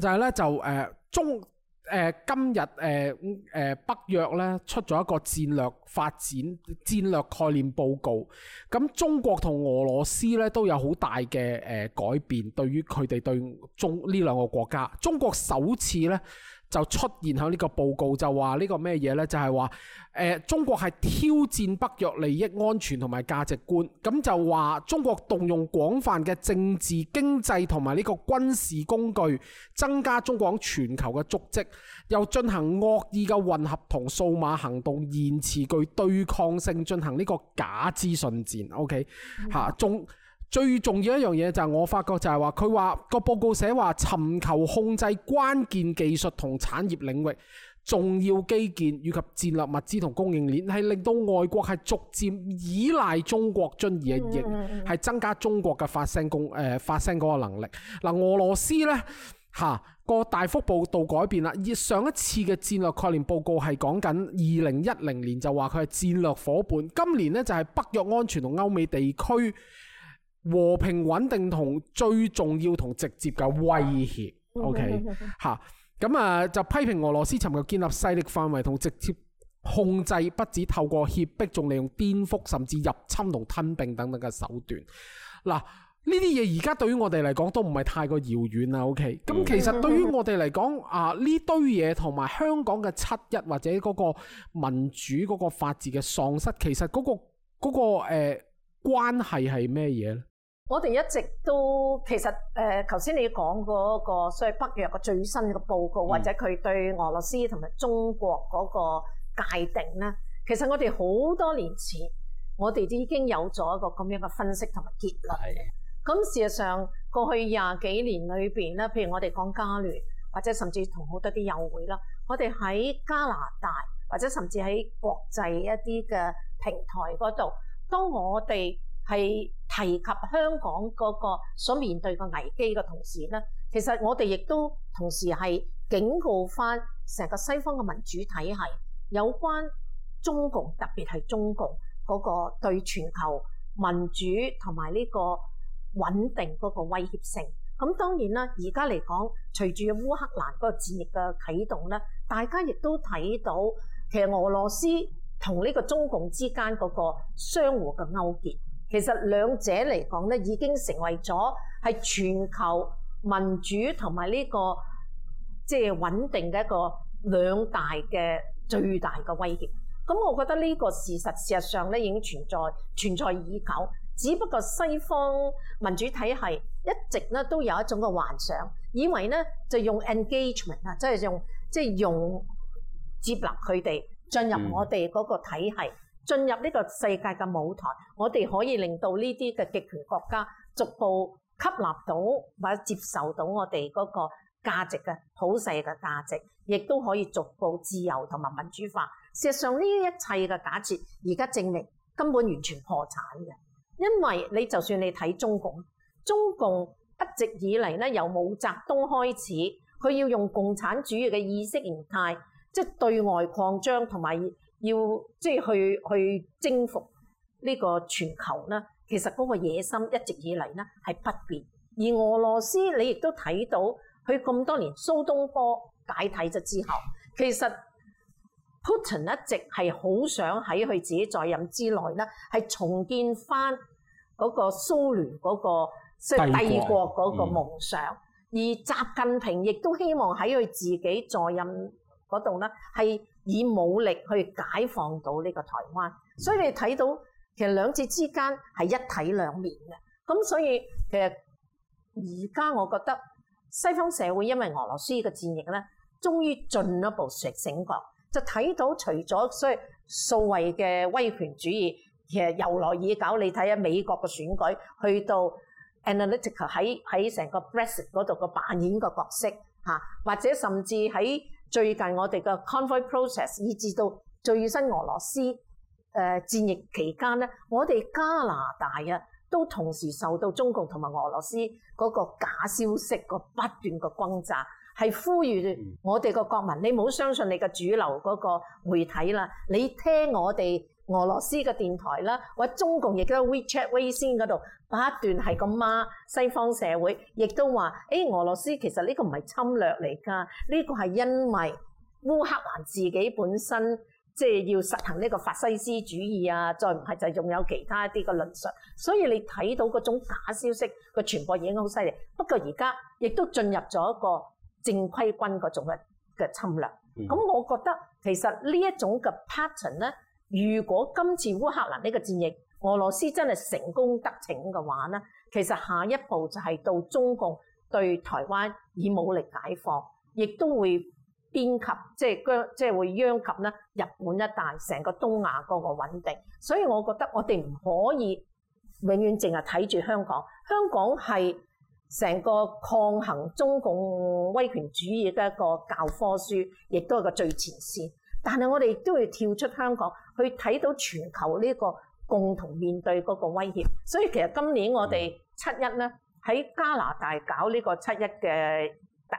就係、是、呢，就、呃、誒中。呃、今日誒誒、呃呃、北約咧出咗一個戰略發展戰略概念報告，咁中國同俄羅斯咧都有好大嘅誒、呃、改變，對於佢哋對中呢兩個國家，中國首次咧，就出現喺呢個報告就話呢個咩嘢呢？就係話誒中國係挑戰北約利益安全同埋價值觀，咁就話中國動用廣泛嘅政治經濟同埋呢個軍事工具，增加中國喺全球嘅足跡，又進行惡意嘅混合同數碼行動，言詞具對抗性，進行呢個假資訊戰。OK 嚇中、嗯。最重要一樣嘢，就係我發覺就係話佢話個報告寫話尋求控制關鍵技術同產業領域重要基建以及戰略物資同供應鏈，係令到外國係逐漸依賴中國進而亦係增加中國嘅發聲公誒發聲嗰個、呃、能力。嗱，俄羅斯呢吓個、啊、大幅報道改變啦。而上一次嘅戰略概念報告係講緊二零一零年就話佢係戰略伙伴，今年呢，就係北約安全同歐美地區。和平穩定同最重要同直接嘅威脅，OK 嚇咁 啊就批評俄羅斯尋求建立勢力範圍同直接控制，不止透過脅迫，仲利用顛覆甚至入侵同吞併等等嘅手段。嗱、啊，呢啲嘢而家對於我哋嚟講都唔係太過遙遠啦，OK。咁 其實對於我哋嚟講啊，呢堆嘢同埋香港嘅七一或者嗰個民主嗰個法治嘅喪失，其實嗰、嗰個嗰、嗰個誒、嗰個呃、關係係咩嘢咧？我哋一直都其實誒，頭、呃、先你講嗰個所謂北約嘅最新嘅報告，嗯、或者佢對俄羅斯同埋中國嗰個界定咧，其實我哋好多年前我哋已經有咗一個咁樣嘅分析同埋結論。咁是事實上過去廿幾年裏邊咧，譬如我哋講加聯，或者甚至同好多啲友會啦，我哋喺加拿大或者甚至喺國際一啲嘅平台嗰度，當我哋係提及香港嗰個所面對個危機嘅同時咧，其實我哋亦都同時係警告翻成個西方嘅民主體系有關中共，特別係中共嗰個對全球民主同埋呢個穩定嗰個威脅性。咁當然啦，而家嚟講，隨住烏克蘭嗰個戰役嘅啟動咧，大家亦都睇到其實俄羅斯同呢個中共之間嗰個相互嘅勾結。其實兩者嚟講咧，已經成為咗係全球民主同埋呢個即係穩定嘅一個兩大嘅最大嘅威脅。咁我覺得呢個事實，事實上咧，已經存在，存在已久，只不過西方民主體系一直咧都有一種嘅幻想，以為咧就用 engagement 啊，即係用即係用接納佢哋進入我哋嗰個體系。嗯進入呢個世界嘅舞台，我哋可以令到呢啲嘅極權國家逐步吸納到或者接受到我哋嗰個價值嘅普世嘅價值，亦都可以逐步自由同埋民主化。事實上，呢一切嘅假設而家證明根本完全破產嘅，因為你就算你睇中共，中共一直以嚟咧由毛澤東開始，佢要用共產主義嘅意識形態，即係對外擴張同埋，要即係去去征服呢個全球咧，其實嗰個野心一直以嚟咧係不變。而俄羅斯你亦都睇到佢咁多年蘇東坡解體咗之後，其實 Putin 一直係好想喺佢自己在任之內咧，係重建翻嗰個蘇聯嗰個即係帝國嗰個夢想。嗯、而習近平亦都希望喺佢自己在任嗰度咧係。以武力去解放到呢個台灣，所以你睇到其實兩者之間係一體兩面嘅。咁所以其實而家我覺得西方社會因為俄羅斯嘅戰役咧，終於進一步醒醒覺，就睇到除咗所謂嘅威權主義，其實由來已久。你睇下美國嘅選舉去到 Analytica 喺，喺成個 Brexit 嗰度嘅扮演嘅角色吓、啊，或者甚至喺。最近我哋嘅 convoy process，以至到最新俄羅斯誒戰役期間咧，我哋加拿大啊都同時受到中共同埋俄羅斯嗰個假消息個不斷嘅轟炸，係呼籲我哋個國民，你唔好相信你嘅主流嗰個媒體啦，你聽我哋。俄羅斯嘅電台啦，或者中共亦都 WeChat、WeChat 嗰度不斷係咁抹西方社會，亦都話，誒俄羅斯其實呢個唔係侵略嚟噶，呢、呢個係因為烏克蘭自己本身即係要實行呢個法西斯主義啊，再唔係就仲有其他一啲嘅論述。所以你睇到嗰種假消息嘅傳播已經好犀利。不過而家亦都進入咗一個正規軍嗰種嘅嘅侵略。咁、嗯、我覺得其實呢一種嘅 pattern 咧。如果今次烏克蘭呢個戰役，俄羅斯真係成功得逞嘅話，咧，其實下一步就係到中共對台灣以武力解放，亦都會邊及即係將即係會殃及咧日本一帶成個東亞嗰個穩定。所以我覺得我哋唔可以永遠淨係睇住香港，香港係成個抗衡中共威權主義嘅一個教科書，亦都係個最前線。但係我哋都要跳出香港去睇到全球呢個共同面對嗰個威脅，所以其實今年我哋七一咧喺加拿大搞個呢個七一嘅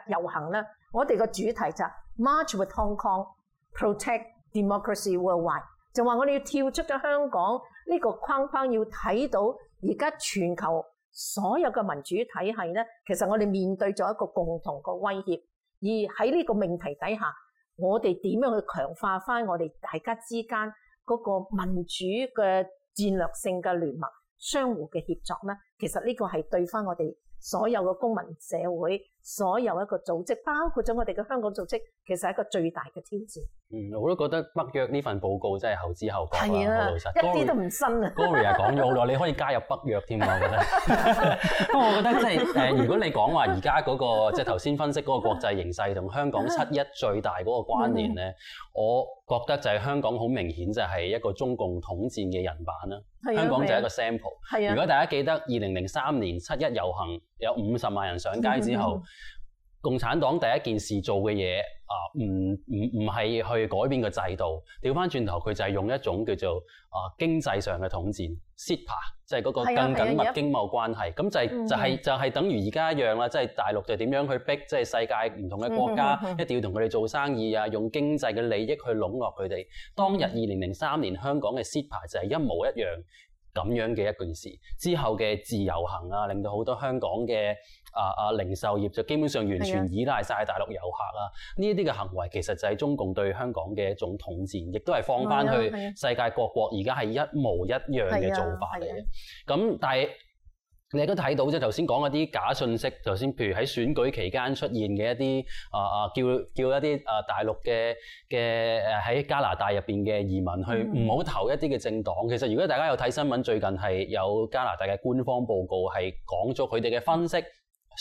遊行咧，我哋個主題就 March with Hong Kong, Protect Democracy Worldwide，就話我哋要跳出咗香港呢個框框，要睇到而家全球所有嘅民主體系咧，其實我哋面對咗一個共同嘅威脅，而喺呢個命題底下。我哋點樣去強化翻我哋大家之間嗰個民主嘅戰略性嘅聯盟，相互嘅協作呢？其實呢個係對翻我哋所有嘅公民社會。所有一個組織，包括咗我哋嘅香港組織，其實係一個最大嘅挑戰。嗯，我都覺得北約呢份報告真係後知後覺啊，老實一啲都唔新啊。Gloria 啊，講咗好耐，你可以加入北約添啊，我覺得。不過，我覺得即係誒，如果你講話而家嗰個即係頭先分析嗰個國際形勢同香港七一最大嗰個關聯咧，嗯、我覺得就係香港好明顯就係一個中共統戰嘅人版啦。啊啊、香港就係一個 sample。係啊。啊如果大家記得二零零三年七一遊行，有五十萬人上街之後，mm hmm. 共產黨第一件事做嘅嘢啊，唔唔唔係去改變個制度，調翻轉頭佢就係用一種叫做啊、呃、經濟上嘅統戰 CEPA 即係嗰個更緊密經貿關係，咁、mm hmm. 就係、是、就係、是、就係、是、等於而家一樣啦，即、就、係、是、大陸就點樣去逼，即、就、係、是、世界唔同嘅國家、mm hmm. 一定要同佢哋做生意啊，用經濟嘅利益去籠絡佢哋。當日二零零三年、mm hmm. 香港嘅 CEPA 就係一模一樣。咁樣嘅一件事之後嘅自由行啊，令到好多香港嘅啊啊零售業就基本上完全依賴晒大陸遊客啦。呢一啲嘅行為其實就係中共對香港嘅一種統戰，亦都係放翻去世界各國而家係一模一樣嘅做法嚟嘅。咁但係。你都睇到啫，頭先講嗰啲假信息。頭先，譬如喺選舉期間出現嘅一啲啊啊，叫叫一啲啊大陸嘅嘅誒，喺加拿大入邊嘅移民去唔好投一啲嘅政黨。其實，如果大家有睇新聞，最近係有加拿大嘅官方報告係講咗佢哋嘅分析，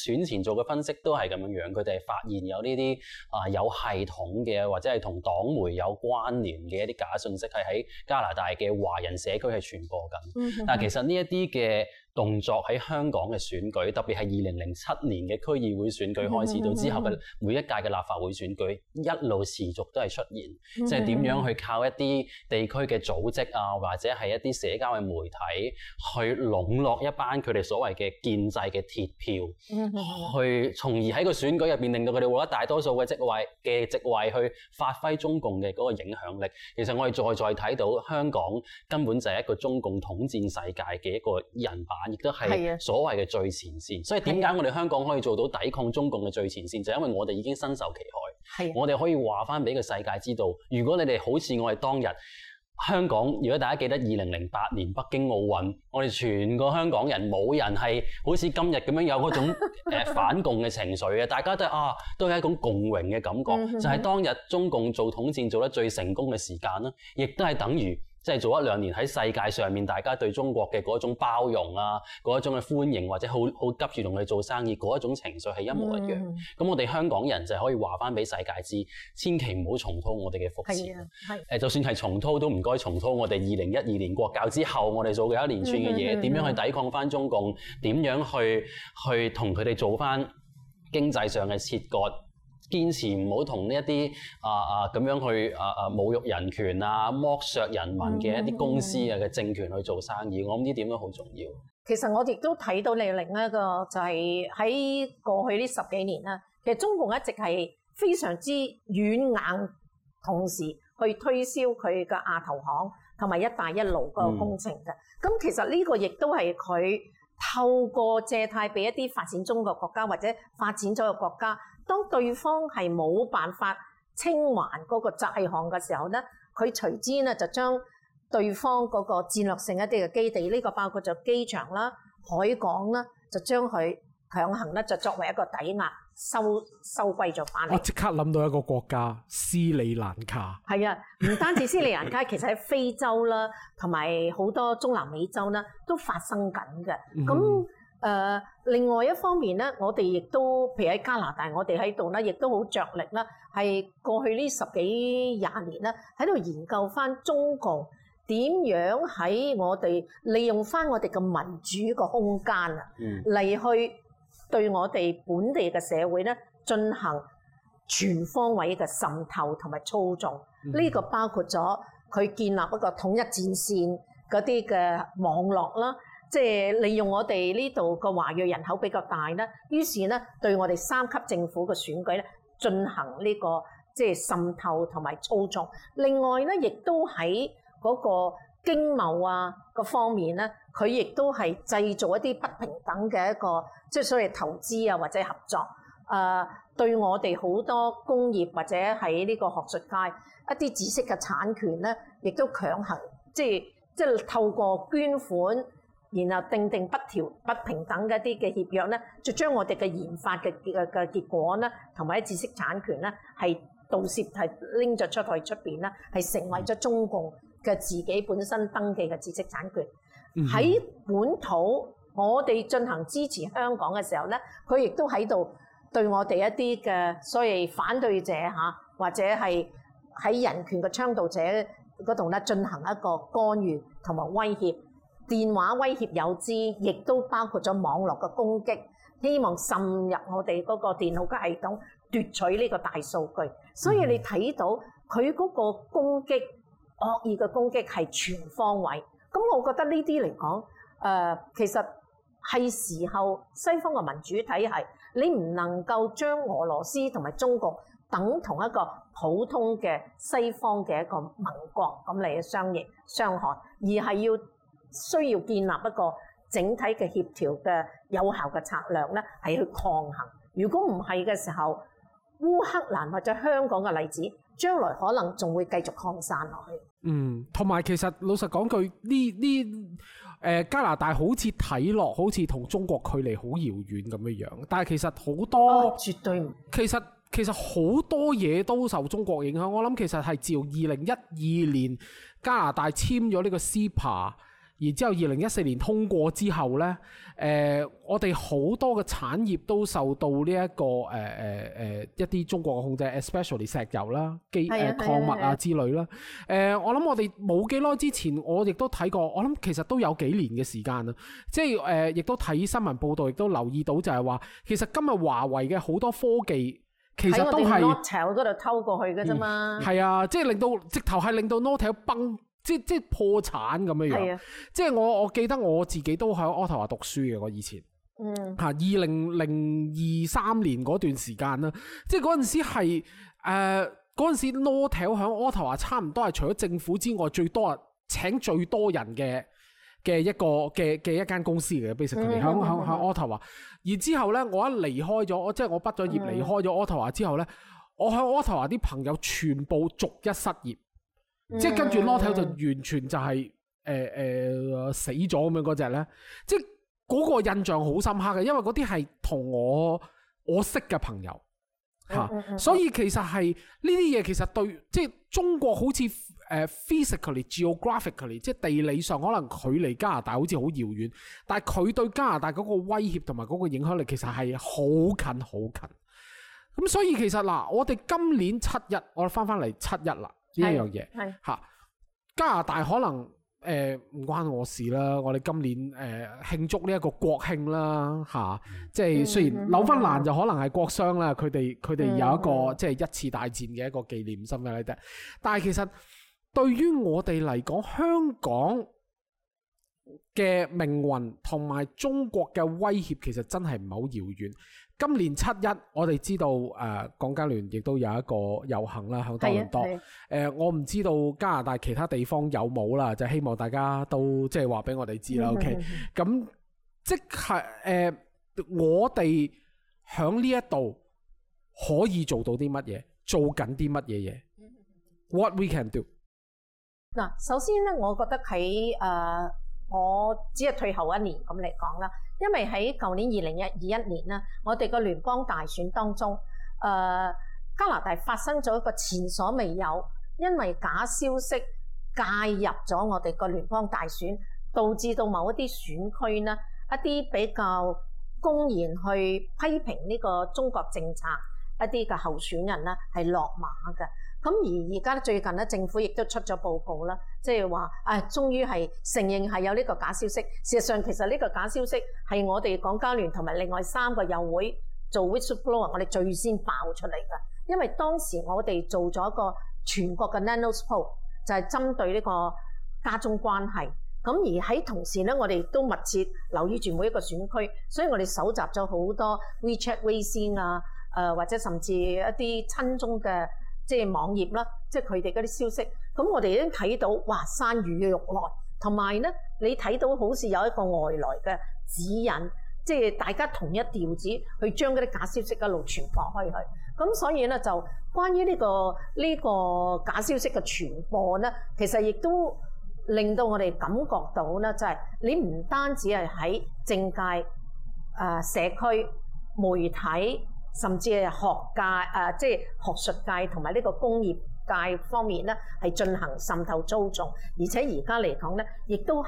選前做嘅分析都係咁樣樣。佢哋發現有呢啲啊有系統嘅，或者係同黨媒有關聯嘅一啲假信息，係喺加拿大嘅華人社區係傳播緊。但係其實呢一啲嘅。動作喺香港嘅選舉，特別係二零零七年嘅區議會選舉開始，到之後嘅每一屆嘅立法會選舉，一路持續都係出現，即係點樣去靠一啲地區嘅組織啊，或者係一啲社交嘅媒體去籠絡一班佢哋所謂嘅建制嘅鐵票，去從而喺個選舉入面令到佢哋獲得大多數嘅職位嘅席位去發揮中共嘅嗰個影響力。其實我哋再再睇到香港根本就係一個中共統戰世界嘅一個人。亦都係所謂嘅最前線，的所以點解我哋香港可以做到抵抗中共嘅最前線？的就因為我哋已經身受其害，的我哋可以話翻俾個世界知道，如果你哋好似我哋當日香港，如果大家記得二零零八年北京奧運，我哋全個香港人冇人係好似今日咁樣有嗰種誒反共嘅情緒嘅， 大家都啊都係一種共榮嘅感覺， 就係當日中共做統戰做得最成功嘅時間啦，亦都係等於。即係做一兩年喺世界上面，大家對中國嘅嗰種包容啊，嗰一種嘅歡迎，或者好好急住同佢做生意嗰一種情緒係一模一樣。咁、嗯、我哋香港人就可以話翻俾世界知，千祈唔好重蹈我哋嘅覆轍。嗯、就算係重蹈都唔該重蹈我哋二零一二年國教之後我哋做嘅一連串嘅嘢，點樣、嗯、去抵抗翻中共？點樣去去同佢哋做翻經濟上嘅切割？堅持唔好同呢一啲啊啊咁樣去啊啊、呃、侮辱人權啊、剝削人民嘅一啲公司啊嘅政權去做生意，嗯嗯、我唔知點樣好重要。其實我亦都睇到你另一個就係、是、喺過去呢十幾年啦，其實中共一直係非常之軟硬同時去推銷佢嘅亞投行同埋「一帶一路」個工程嘅。咁、嗯、其實呢個亦都係佢透過借貸俾一啲發展中國國家或者發展咗嘅國家。當對方係冇辦法清還嗰個債項嘅時候咧，佢隨之咧就將對方嗰個戰略性一啲嘅基地，呢、呢個包括咗機場啦、海港啦，就將佢強行咧就作為一個抵押收收歸咗返嚟。我即刻諗到一個國家斯里蘭卡。係 啊，唔單止斯里蘭卡，其實喺非洲啦，同埋好多中南美洲啦都發生緊嘅。咁、mm hmm. 誒，uh, 另外一方面咧，我哋亦都，譬如喺加拿大，我哋喺度咧，亦都好着力啦，係過去呢十幾廿年啦，喺度研究翻中共點樣喺我哋利用翻我哋嘅民主個空間啊，嚟、嗯、去對我哋本地嘅社會咧進行全方位嘅滲透同埋操縱，呢、嗯、個包括咗佢建立一個統一戰線嗰啲嘅網絡啦。即係利用我哋呢度個華裔人口比較大咧，於是咧對我哋三級政府嘅選舉咧進行呢個即係滲透同埋操作。另外咧，亦都喺嗰個經貿啊個方面咧，佢亦都係製造一啲不平等嘅一個，即係所謂投資啊或者合作啊。誒，對我哋好多工業或者喺呢個學術界一啲知識嘅產權咧，亦都強行即係即係透過捐款。然後定定不調不平等嘅一啲嘅協約咧，就將我哋嘅研發嘅嘅嘅結果咧，同埋啲知識產權咧，係盜竊係拎咗出去出邊咧，係成為咗中共嘅自己本身登記嘅知識產權。喺、mm hmm. 本土，我哋進行支持香港嘅時候咧，佢亦都喺度對我哋一啲嘅所謂反對者嚇，或者係喺人權嘅倡導者嗰度咧進行一個干預同埋威脅。電話威脅有之，亦都包括咗網絡嘅攻擊，希望滲入我哋嗰個電腦嘅系統，奪取呢個大數據。所以你睇到佢嗰個攻擊，嗯、惡意嘅攻擊係全方位。咁我覺得呢啲嚟講，誒、呃、其實係時候西方嘅民主體系，你唔能夠將俄羅斯同埋中國等同一個普通嘅西方嘅一個盟國咁嚟商應相害，而係要。需要建立一個整體嘅協調嘅有效嘅策略呢係去抗衡。如果唔係嘅時候，烏克蘭或者香港嘅例子，將來可能仲會繼續擴散落去。嗯，同埋其實老實講句，呢呢誒加拿大好似睇落好似同中國距離好遙遠咁嘅樣，但係其實好多、哦、絕對唔。其實其實好多嘢都受中國影響。我諗其實係照二零一二年加拿大簽咗呢個 CIPA。然之後，二零一四年通過之後呢，誒、呃，我哋好多嘅產業都受到呢、這個呃呃、一個誒誒誒一啲中國嘅控制，especially 石油啦、機誒、呃啊啊、礦物啊之類啦。誒、啊啊呃，我諗我哋冇幾耐之前，我亦都睇過，我諗其實都有幾年嘅時間啦。即係誒、呃，亦都睇新聞報道，亦都留意到就係話，其實今日華為嘅好多科技其實都係度偷過去嘅啫嘛。係、嗯、啊，即係令到直頭係令到 note 九即即破產咁樣樣，是的 即係我我記得我自己都喺 Ottawa 讀書嘅，我以前，嚇二零零二三年嗰段時間啦，即係嗰陣時係誒嗰時 Nortel 喺 Ottawa 差唔多係除咗政府之外最多請最多人嘅嘅一個嘅嘅一間公司嚟嘅，basically 喺喺喺 Ottawa，而之後呢，我一離開咗，即係我畢咗業離開咗 Ottawa 之後呢，嗯、我喺 Ottawa 啲朋友全部逐一失業。嗯、即係跟住 Lo Tie 就完全就係誒誒死咗咁樣嗰隻呢。即係嗰個印象好深刻嘅，因為嗰啲係同我我識嘅朋友吓。嗯啊、所以其實係呢啲嘢其實對即係中國好似誒 physically geographically 即係地理上可能距離加拿大好似好遙遠，但係佢對加拿大嗰個威脅同埋嗰個影響力其實係好近好近，咁所以其實嗱，我哋今年七一，我哋翻翻嚟七一啦。呢一樣嘢，吓加拿大，可能誒唔、呃、關我事啦。我哋今年誒慶、呃、祝呢一個國慶啦，吓、啊、即係雖然紐芬蘭就可能係國殤啦，佢哋佢哋有一個、嗯、即係一次大戰嘅一個紀念心嘅咧，但係其實對於我哋嚟講，香港嘅命運同埋中國嘅威脅，其實真係唔係好遙遠。今年七一，我哋知道誒、呃，港加聯亦都有一個遊行啦，響多倫多，誒、啊啊呃，我唔知道加拿大其他地方有冇啦，就希望大家都即係話俾我哋知啦。OK，咁即係誒、呃，我哋喺呢一度可以做到啲乜嘢？做緊啲乜嘢嘢？What we can do？嗱，首先咧，我覺得喺誒，呃我只係退後一年咁嚟講啦，因為喺舊年二零一二一年咧，我哋個聯邦大選當中，誒、呃、加拿大發生咗一個前所未有，因為假消息介入咗我哋個聯邦大選，導致到某一啲選區呢，一啲比較公然去批評呢個中國政策一啲嘅候選人呢係落馬嘅。咁而而家咧，最近咧，政府亦都出咗報告啦，即係話啊，終於係承認係有呢個假消息。事實上，其實呢個假消息係我哋港加聯同埋另外三個友會做 WeChat Flow，我哋最先爆出嚟㗎。因為當時我哋做咗個全國嘅 Nanos Poll，就係針對呢個家中關係。咁而喺同時咧，我哋都密切留意住每一個選區，所以我哋搜集咗好多 WeChat w e c 啊，誒、呃、或者甚至一啲親中嘅。即係網頁啦，即係佢哋嗰啲消息，咁我哋已經睇到，哇！山雨欲來，同埋咧，你睇到好似有一個外來嘅指引，即係大家同一調子去將嗰啲假消息一路傳播開去。咁所以咧，就關於呢個呢個假消息嘅傳播咧，其實亦都令到我哋感覺到咧，就係你唔單止係喺政界、誒社區、媒體。甚至係學界誒、呃，即係學術界同埋呢個工業界方面咧，係進行滲透操縱，而且而家嚟講咧，亦都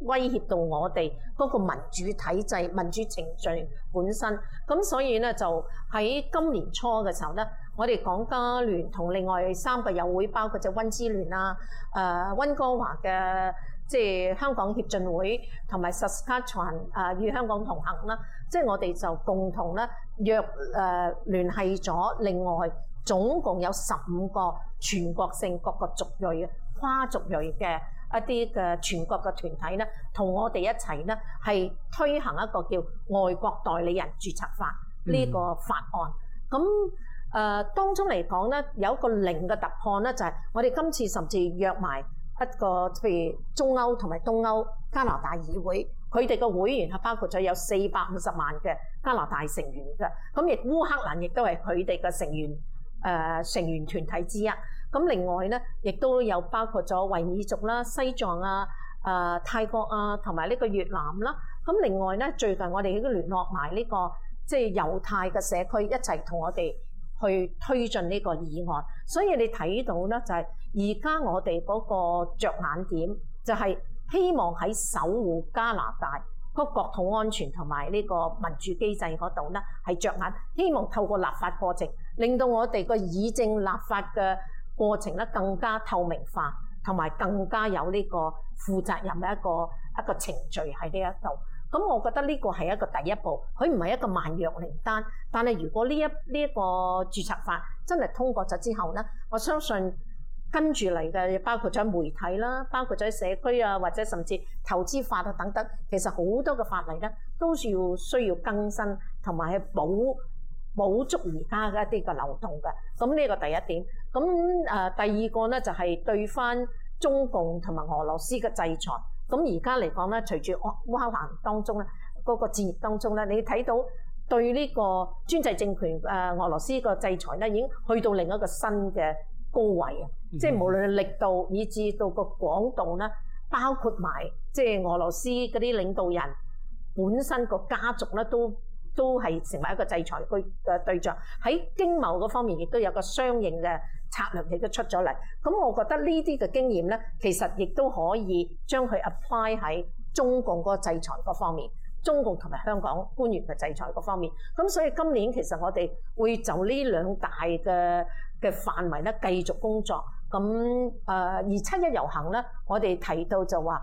威脅到我哋嗰個民主體制、民主程序本身。咁所以咧，就喺今年初嘅時候咧，我哋港加聯同另外三個友會，包括只温支聯啦、誒、呃、温哥華嘅即係香港協進會同埋 Saskatchewan 與香港同行啦。即係我哋就共同咧約誒、呃、聯繫咗另外總共有十五個全國性各個族裔嘅跨族裔嘅一啲嘅全國嘅團體咧，同我哋一齊咧係推行一個叫外國代理人註冊法呢、呢個法案。咁誒、嗯呃、當中嚟講咧有一個零嘅突破咧，就係、是、我哋今次甚至約埋一個譬如中歐同埋東歐加拿大議會。佢哋嘅會員係包括咗有四百五十萬嘅加拿大成員㗎，咁亦烏克蘭亦都係佢哋嘅成員誒、呃、成員團體之一。咁另外咧，亦都有包括咗維爾族啦、西藏啊、誒、呃、泰國啊同埋呢個越南啦。咁另外咧，最近我哋已經聯絡埋呢個即係猶太嘅社區，一齊同我哋去推進呢個議案。所以你睇到咧，就係而家我哋嗰個着眼點就係、是。希望喺守護加拿大個國土安全同埋呢個民主機制嗰度咧，係着眼希望透過立法過程，令到我哋個議政立法嘅過程咧更加透明化，同埋更加有呢個負責任嘅一個一個程序喺呢一度。咁我覺得呢個，係一個第一步，佢唔係一個萬藥靈丹。但係，如果呢一呢一、呢個註冊法真係通過咗之後咧，我相信。跟住嚟嘅，包括咗媒體啦，包括咗社區啊，或者甚至投資法啊等等，其實好多嘅法例咧，都是要需要更新同埋係補補足而家一啲嘅漏洞嘅。咁、嗯、呢、這個第一點。咁、嗯、誒、呃、第二個咧就係、是、對翻中共同埋俄羅斯嘅制裁。咁而家嚟講咧，隨住烏克蘭當中咧嗰、那個戰役當中咧，你睇到對呢個專制政權誒、呃、俄羅斯嘅制裁咧，已經去到另一個新嘅高位啊！即係無論力度以至到個廣度咧，包括埋即係俄羅斯嗰啲領導人本身個家族咧，都都係成為一個制裁佢嘅對象。喺經貿嗰方面亦都有個相應嘅策略，亦都出咗嚟。咁我覺得呢啲嘅經驗咧，其實亦都可以將佢 apply 喺中共嗰個制裁嗰方面，中共同埋香港官員嘅制裁嗰方面。咁所以今年其實我哋會就呢兩大嘅嘅範圍咧繼續工作。咁誒，二七一遊行咧，我哋提到就話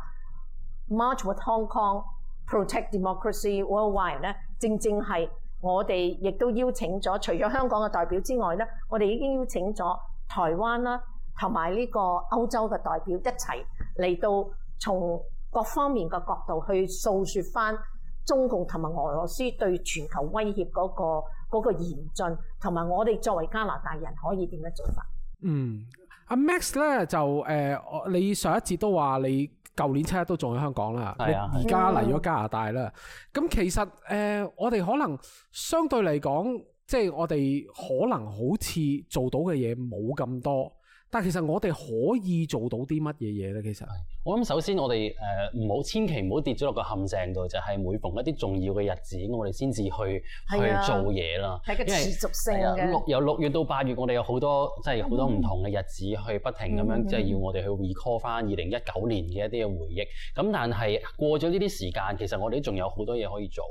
March with Hong Kong, Protect Democracy Worldwide 咧，正正係我哋亦都邀請咗，除咗香港嘅代表之外咧，我哋已經邀請咗台灣啦，同埋呢個歐洲嘅代表一齊嚟到從各方面嘅角度去訴説返中共同埋俄羅斯對全球威脅嗰個嗰個嚴峻，同埋我哋作為加拿大人可以點樣做法？嗯。阿 Max 咧就誒、呃，你上一節都話你舊年七一都仲喺香港啦，你而家嚟咗加拿大啦。咁其實誒、呃，我哋可能相對嚟講，即係我哋可能好似做到嘅嘢冇咁多。但係其實我哋可以做到啲乜嘢嘢咧？其實，我諗首先我哋誒唔好千祈唔好跌咗落個陷阱度，就係、是、每逢一啲重要嘅日子，我哋先至去、啊、去做嘢啦。係個持續性由六、啊嗯、月到八月，我哋有好多即係好多唔同嘅日子、嗯、去不停咁樣，即係、嗯嗯、要我哋去 recall 翻二零一九年嘅一啲嘅回憶。咁、嗯嗯、但係過咗呢啲時間，其實我哋仲有好多嘢可以做，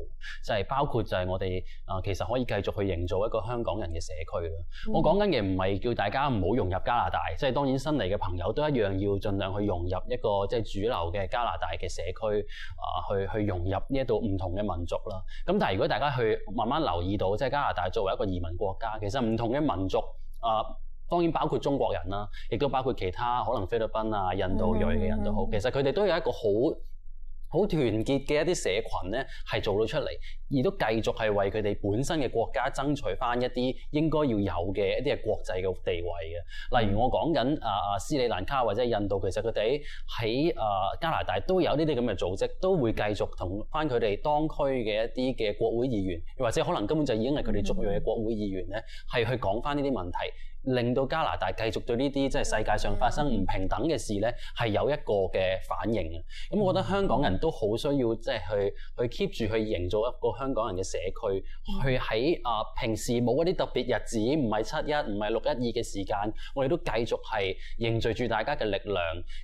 就係、是、包括就係我哋啊、呃，其實可以繼續去營造一個香港人嘅社區啦。嗯、我講緊嘅唔係叫大家唔好融入加拿大。即係當然新嚟嘅朋友都一樣，要盡量去融入一個即係主流嘅加拿大嘅社區啊、呃，去去融入呢一度唔同嘅民族啦。咁但係如果大家去慢慢留意到，即係加拿大作為一個移民國家，其實唔同嘅民族啊、呃，當然包括中國人啦，亦都包括其他可能菲律賓啊、印度裔嘅人都好，其實佢哋都有一個好。好團結嘅一啲社群咧，係做到出嚟，而都繼續係為佢哋本身嘅國家爭取翻一啲應該要有嘅一啲嘅國際嘅地位嘅。例如我講緊啊啊斯里蘭卡或者印度，其實佢哋喺啊加拿大都有呢啲咁嘅組織，都會繼續同翻佢哋當區嘅一啲嘅國會議員，或者可能根本就已經係佢哋族裔嘅國會議員咧，係去講翻呢啲問題。令到加拿大繼續對呢啲即係世界上發生唔平等嘅事呢，係有一個嘅反應啊！咁我覺得香港人都好需要即係、就是、去去 keep 住去營造一個香港人嘅社區，嗯、去喺啊、呃、平時冇嗰啲特別日子，唔係七一，唔係六一二嘅時間，我哋都繼續係凝聚住大家嘅力量，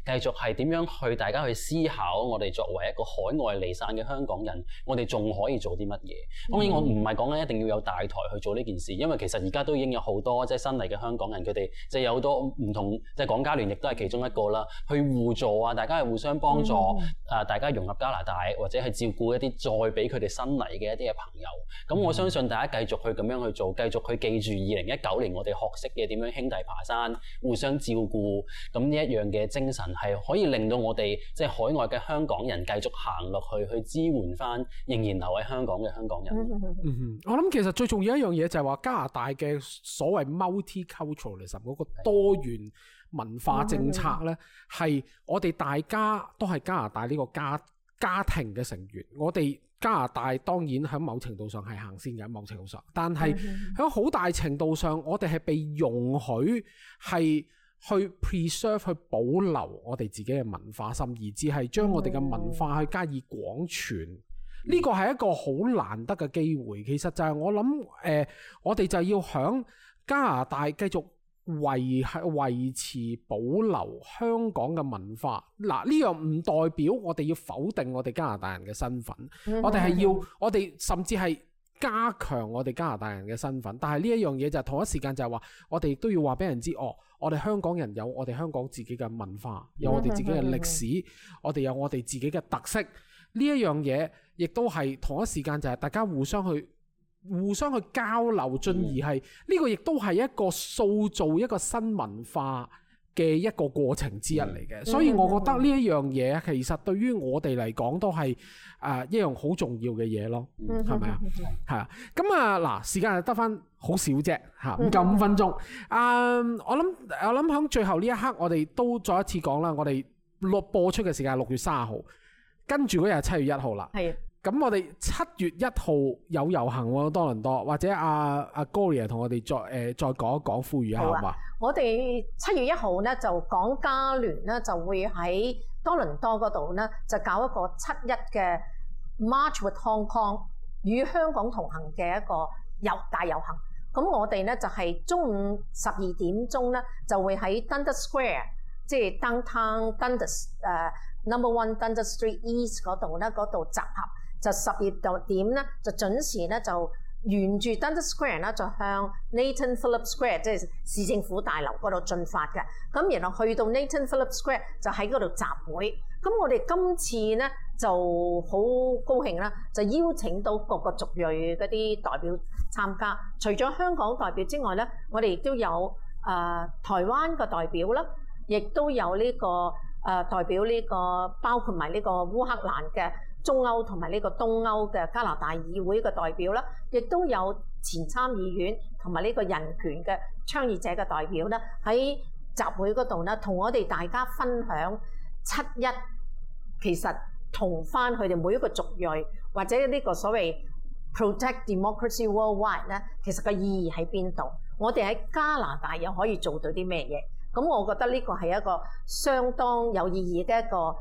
繼續係點樣去大家去思考我哋作為一個海外離散嘅香港人，我哋仲可以做啲乜嘢？嗯、當然我唔係講緊一定要有大台去做呢件事，因為其實而家都已經有好多即係新嚟嘅香港人。香港人佢哋即係有好多唔同，即係港加聯亦都係其中一個啦，去互助啊，大家係互相幫助，啊、嗯，大家融入加拿大或者係照顧一啲再俾佢哋新嚟嘅一啲嘅朋友。咁我相信大家繼續去咁樣去做，繼續去記住二零一九年我哋學識嘅點樣兄弟爬山，互相照顧，咁呢一樣嘅精神係可以令到我哋即係海外嘅香港人繼續行落去，去支援翻仍然留喺香港嘅香港人。我諗其實最重要一樣嘢就係話加拿大嘅所謂 multi-card, cultural 嘅，嗰個多元文化政策呢，係我哋大家都係加拿大呢個家家庭嘅成員。我哋加拿大當然喺某程度上係行先嘅，某程度上。但係喺好大程度上，我哋係被容許係去 preserve 去保留我哋自己嘅文化心，甚至係將我哋嘅文化去加以廣傳。呢個係一個好難得嘅機會。其實就係我諗，誒、呃，我哋就要響。加拿大繼續維繫維持保留香港嘅文化，嗱，呢樣唔代表我哋要否定我哋加拿大人嘅身份， 我哋係要我哋甚至係加強我哋加拿大人嘅身份。但係呢一樣嘢就同一時間就係話，我哋都要話俾人知，哦，我哋香港人有我哋香港自己嘅文化，有我哋自己嘅歷史， 我哋有我哋自己嘅特色。呢一樣嘢亦都係同一時間就係大家互相去。互相去交流，進而係呢、嗯、個亦都係一個塑造一個新文化嘅一個過程之一嚟嘅。嗯、所以，我覺得呢一樣嘢其實對於我哋嚟講都係啊、呃、一樣好重要嘅嘢咯。係咪、嗯、 啊？係啊。咁啊嗱，時間就得翻好少啫嚇，唔夠五分鐘。啊、嗯嗯，我諗我諗響最後呢一刻，我哋都再一次講啦。我哋落播出嘅時間係六月卅號，跟住嗰日係七月一號啦。係。咁我哋七月一號有遊行喎、啊，多倫多或者阿、啊、阿、啊、Gloria 同我哋再誒、呃、再講一講，呼籲一下好嘛。我哋七月一號咧就港加聯咧就會喺多倫多嗰度咧就搞一個七一嘅 March with Hong Kong 與香港同行嘅一個遊大遊行。咁我哋咧就係、是、中午十二點鐘咧就會喺 Dundas Square 即係 downtown Dundas 誒 Number One Dundas Street East 嗰度咧嗰度集合。就十二點咧，就準時咧，就沿住 Dundas Square 咧，就向 Nathan Phillips Square，即係市政府大樓嗰度進發嘅。咁然後去到 Nathan Phillips Square 就喺嗰度集會。咁我哋今次咧就好高興啦，就邀請到各個族裔嗰啲代表參加。除咗香港代表之外咧，我哋亦都有誒、呃、台灣嘅代表啦，亦都有呢個誒代表呢個包括埋呢個烏克蘭嘅。中歐同埋呢個東歐嘅加拿大議會嘅代表啦，亦都有前參議院同埋呢個人權嘅倡議者嘅代表啦，喺集會嗰度咧，同我哋大家分享七一其實同翻佢哋每一個族裔或者呢個所謂 protect democracy worldwide 咧，其實個意義喺邊度？我哋喺加拿大又可以做到啲咩嘢？咁我覺得呢個係一個相當有意義嘅一個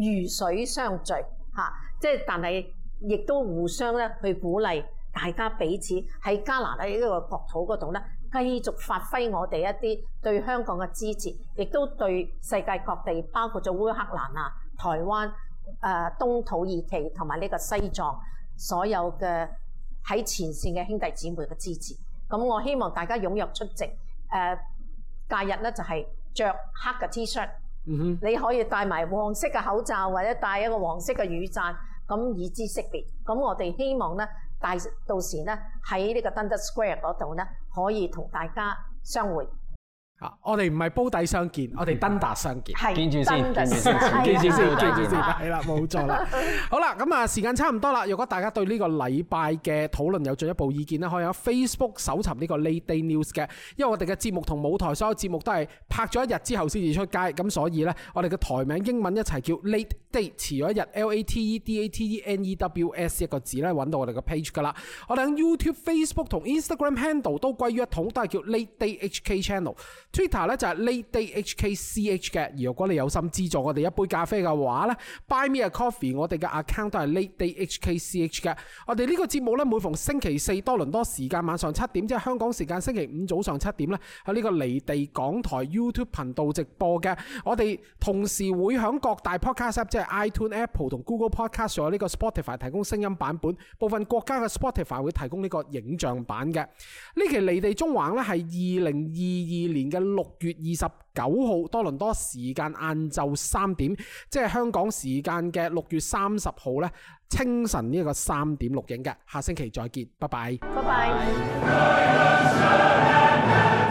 魚水相聚。嚇！即係，但係亦都互相咧去鼓勵大家彼此喺加拿大呢個國土嗰度咧，繼續發揮我哋一啲對香港嘅支持，亦都對世界各地包括咗烏克蘭啊、台灣、誒、呃、東土耳其同埋呢個西藏所有嘅喺前線嘅兄弟姊妹嘅支持。咁、嗯、我希望大家踴躍出席，誒、呃，假日咧就係、是、着黑嘅 T 恤。Shirt, Mm hmm. 你可以戴埋黃色嘅口罩，或者戴一個黃色嘅雨傘，咁以資識別。咁我哋希望咧，到時咧喺呢在個 Dundas Square 嗰度咧，可以同大家相會。啊！我哋唔係煲底相見， 我哋登達相見。見住是先，見住先，見住先，見住先，係啦， 冇錯啦。好啦，咁啊，時間差唔多啦。如果大家對呢個禮拜嘅討論有進一步意見咧，可以喺 Facebook 搜尋呢個 Late Date News 嘅。因為我哋嘅節目同舞台所有節目都係拍咗一日之後先至出街，咁所以呢，我哋嘅台名英文一齊叫 Late Date，遲咗一日，L A T E D A T E N E W S 一個字咧，揾到我哋個 page 噶啦。我哋喺 YouTube、Facebook 同 Instagram handle 都歸於一統，都係叫 Late Date HK Channel。Twitter 咧就係 LateDateHKCH 嘅。如果你有心資助我哋一杯咖啡嘅話咧，Buy me a coffee 我。我哋嘅 account 都係 LateDateHKCH 嘅。我哋呢個節目咧，每逢星期四多倫多時間晚上七點，即係香港時間星期五早上七點咧，喺呢個離地港台 YouTube 頻道直播嘅。我哋同時會響各大 Podcast App，即係 iTune、Apple 同 Google Podcast，仲有呢個 Spotify 提供聲音版本。部分國家嘅 Spotify 會提供呢個影像版嘅。呢期離地縱橫咧係二零二二年嘅。六月二十九號多倫多時間晏晝三點，即係香港時間嘅六月三十號呢，清晨呢個三點錄影嘅。下星期再見，拜拜，拜拜。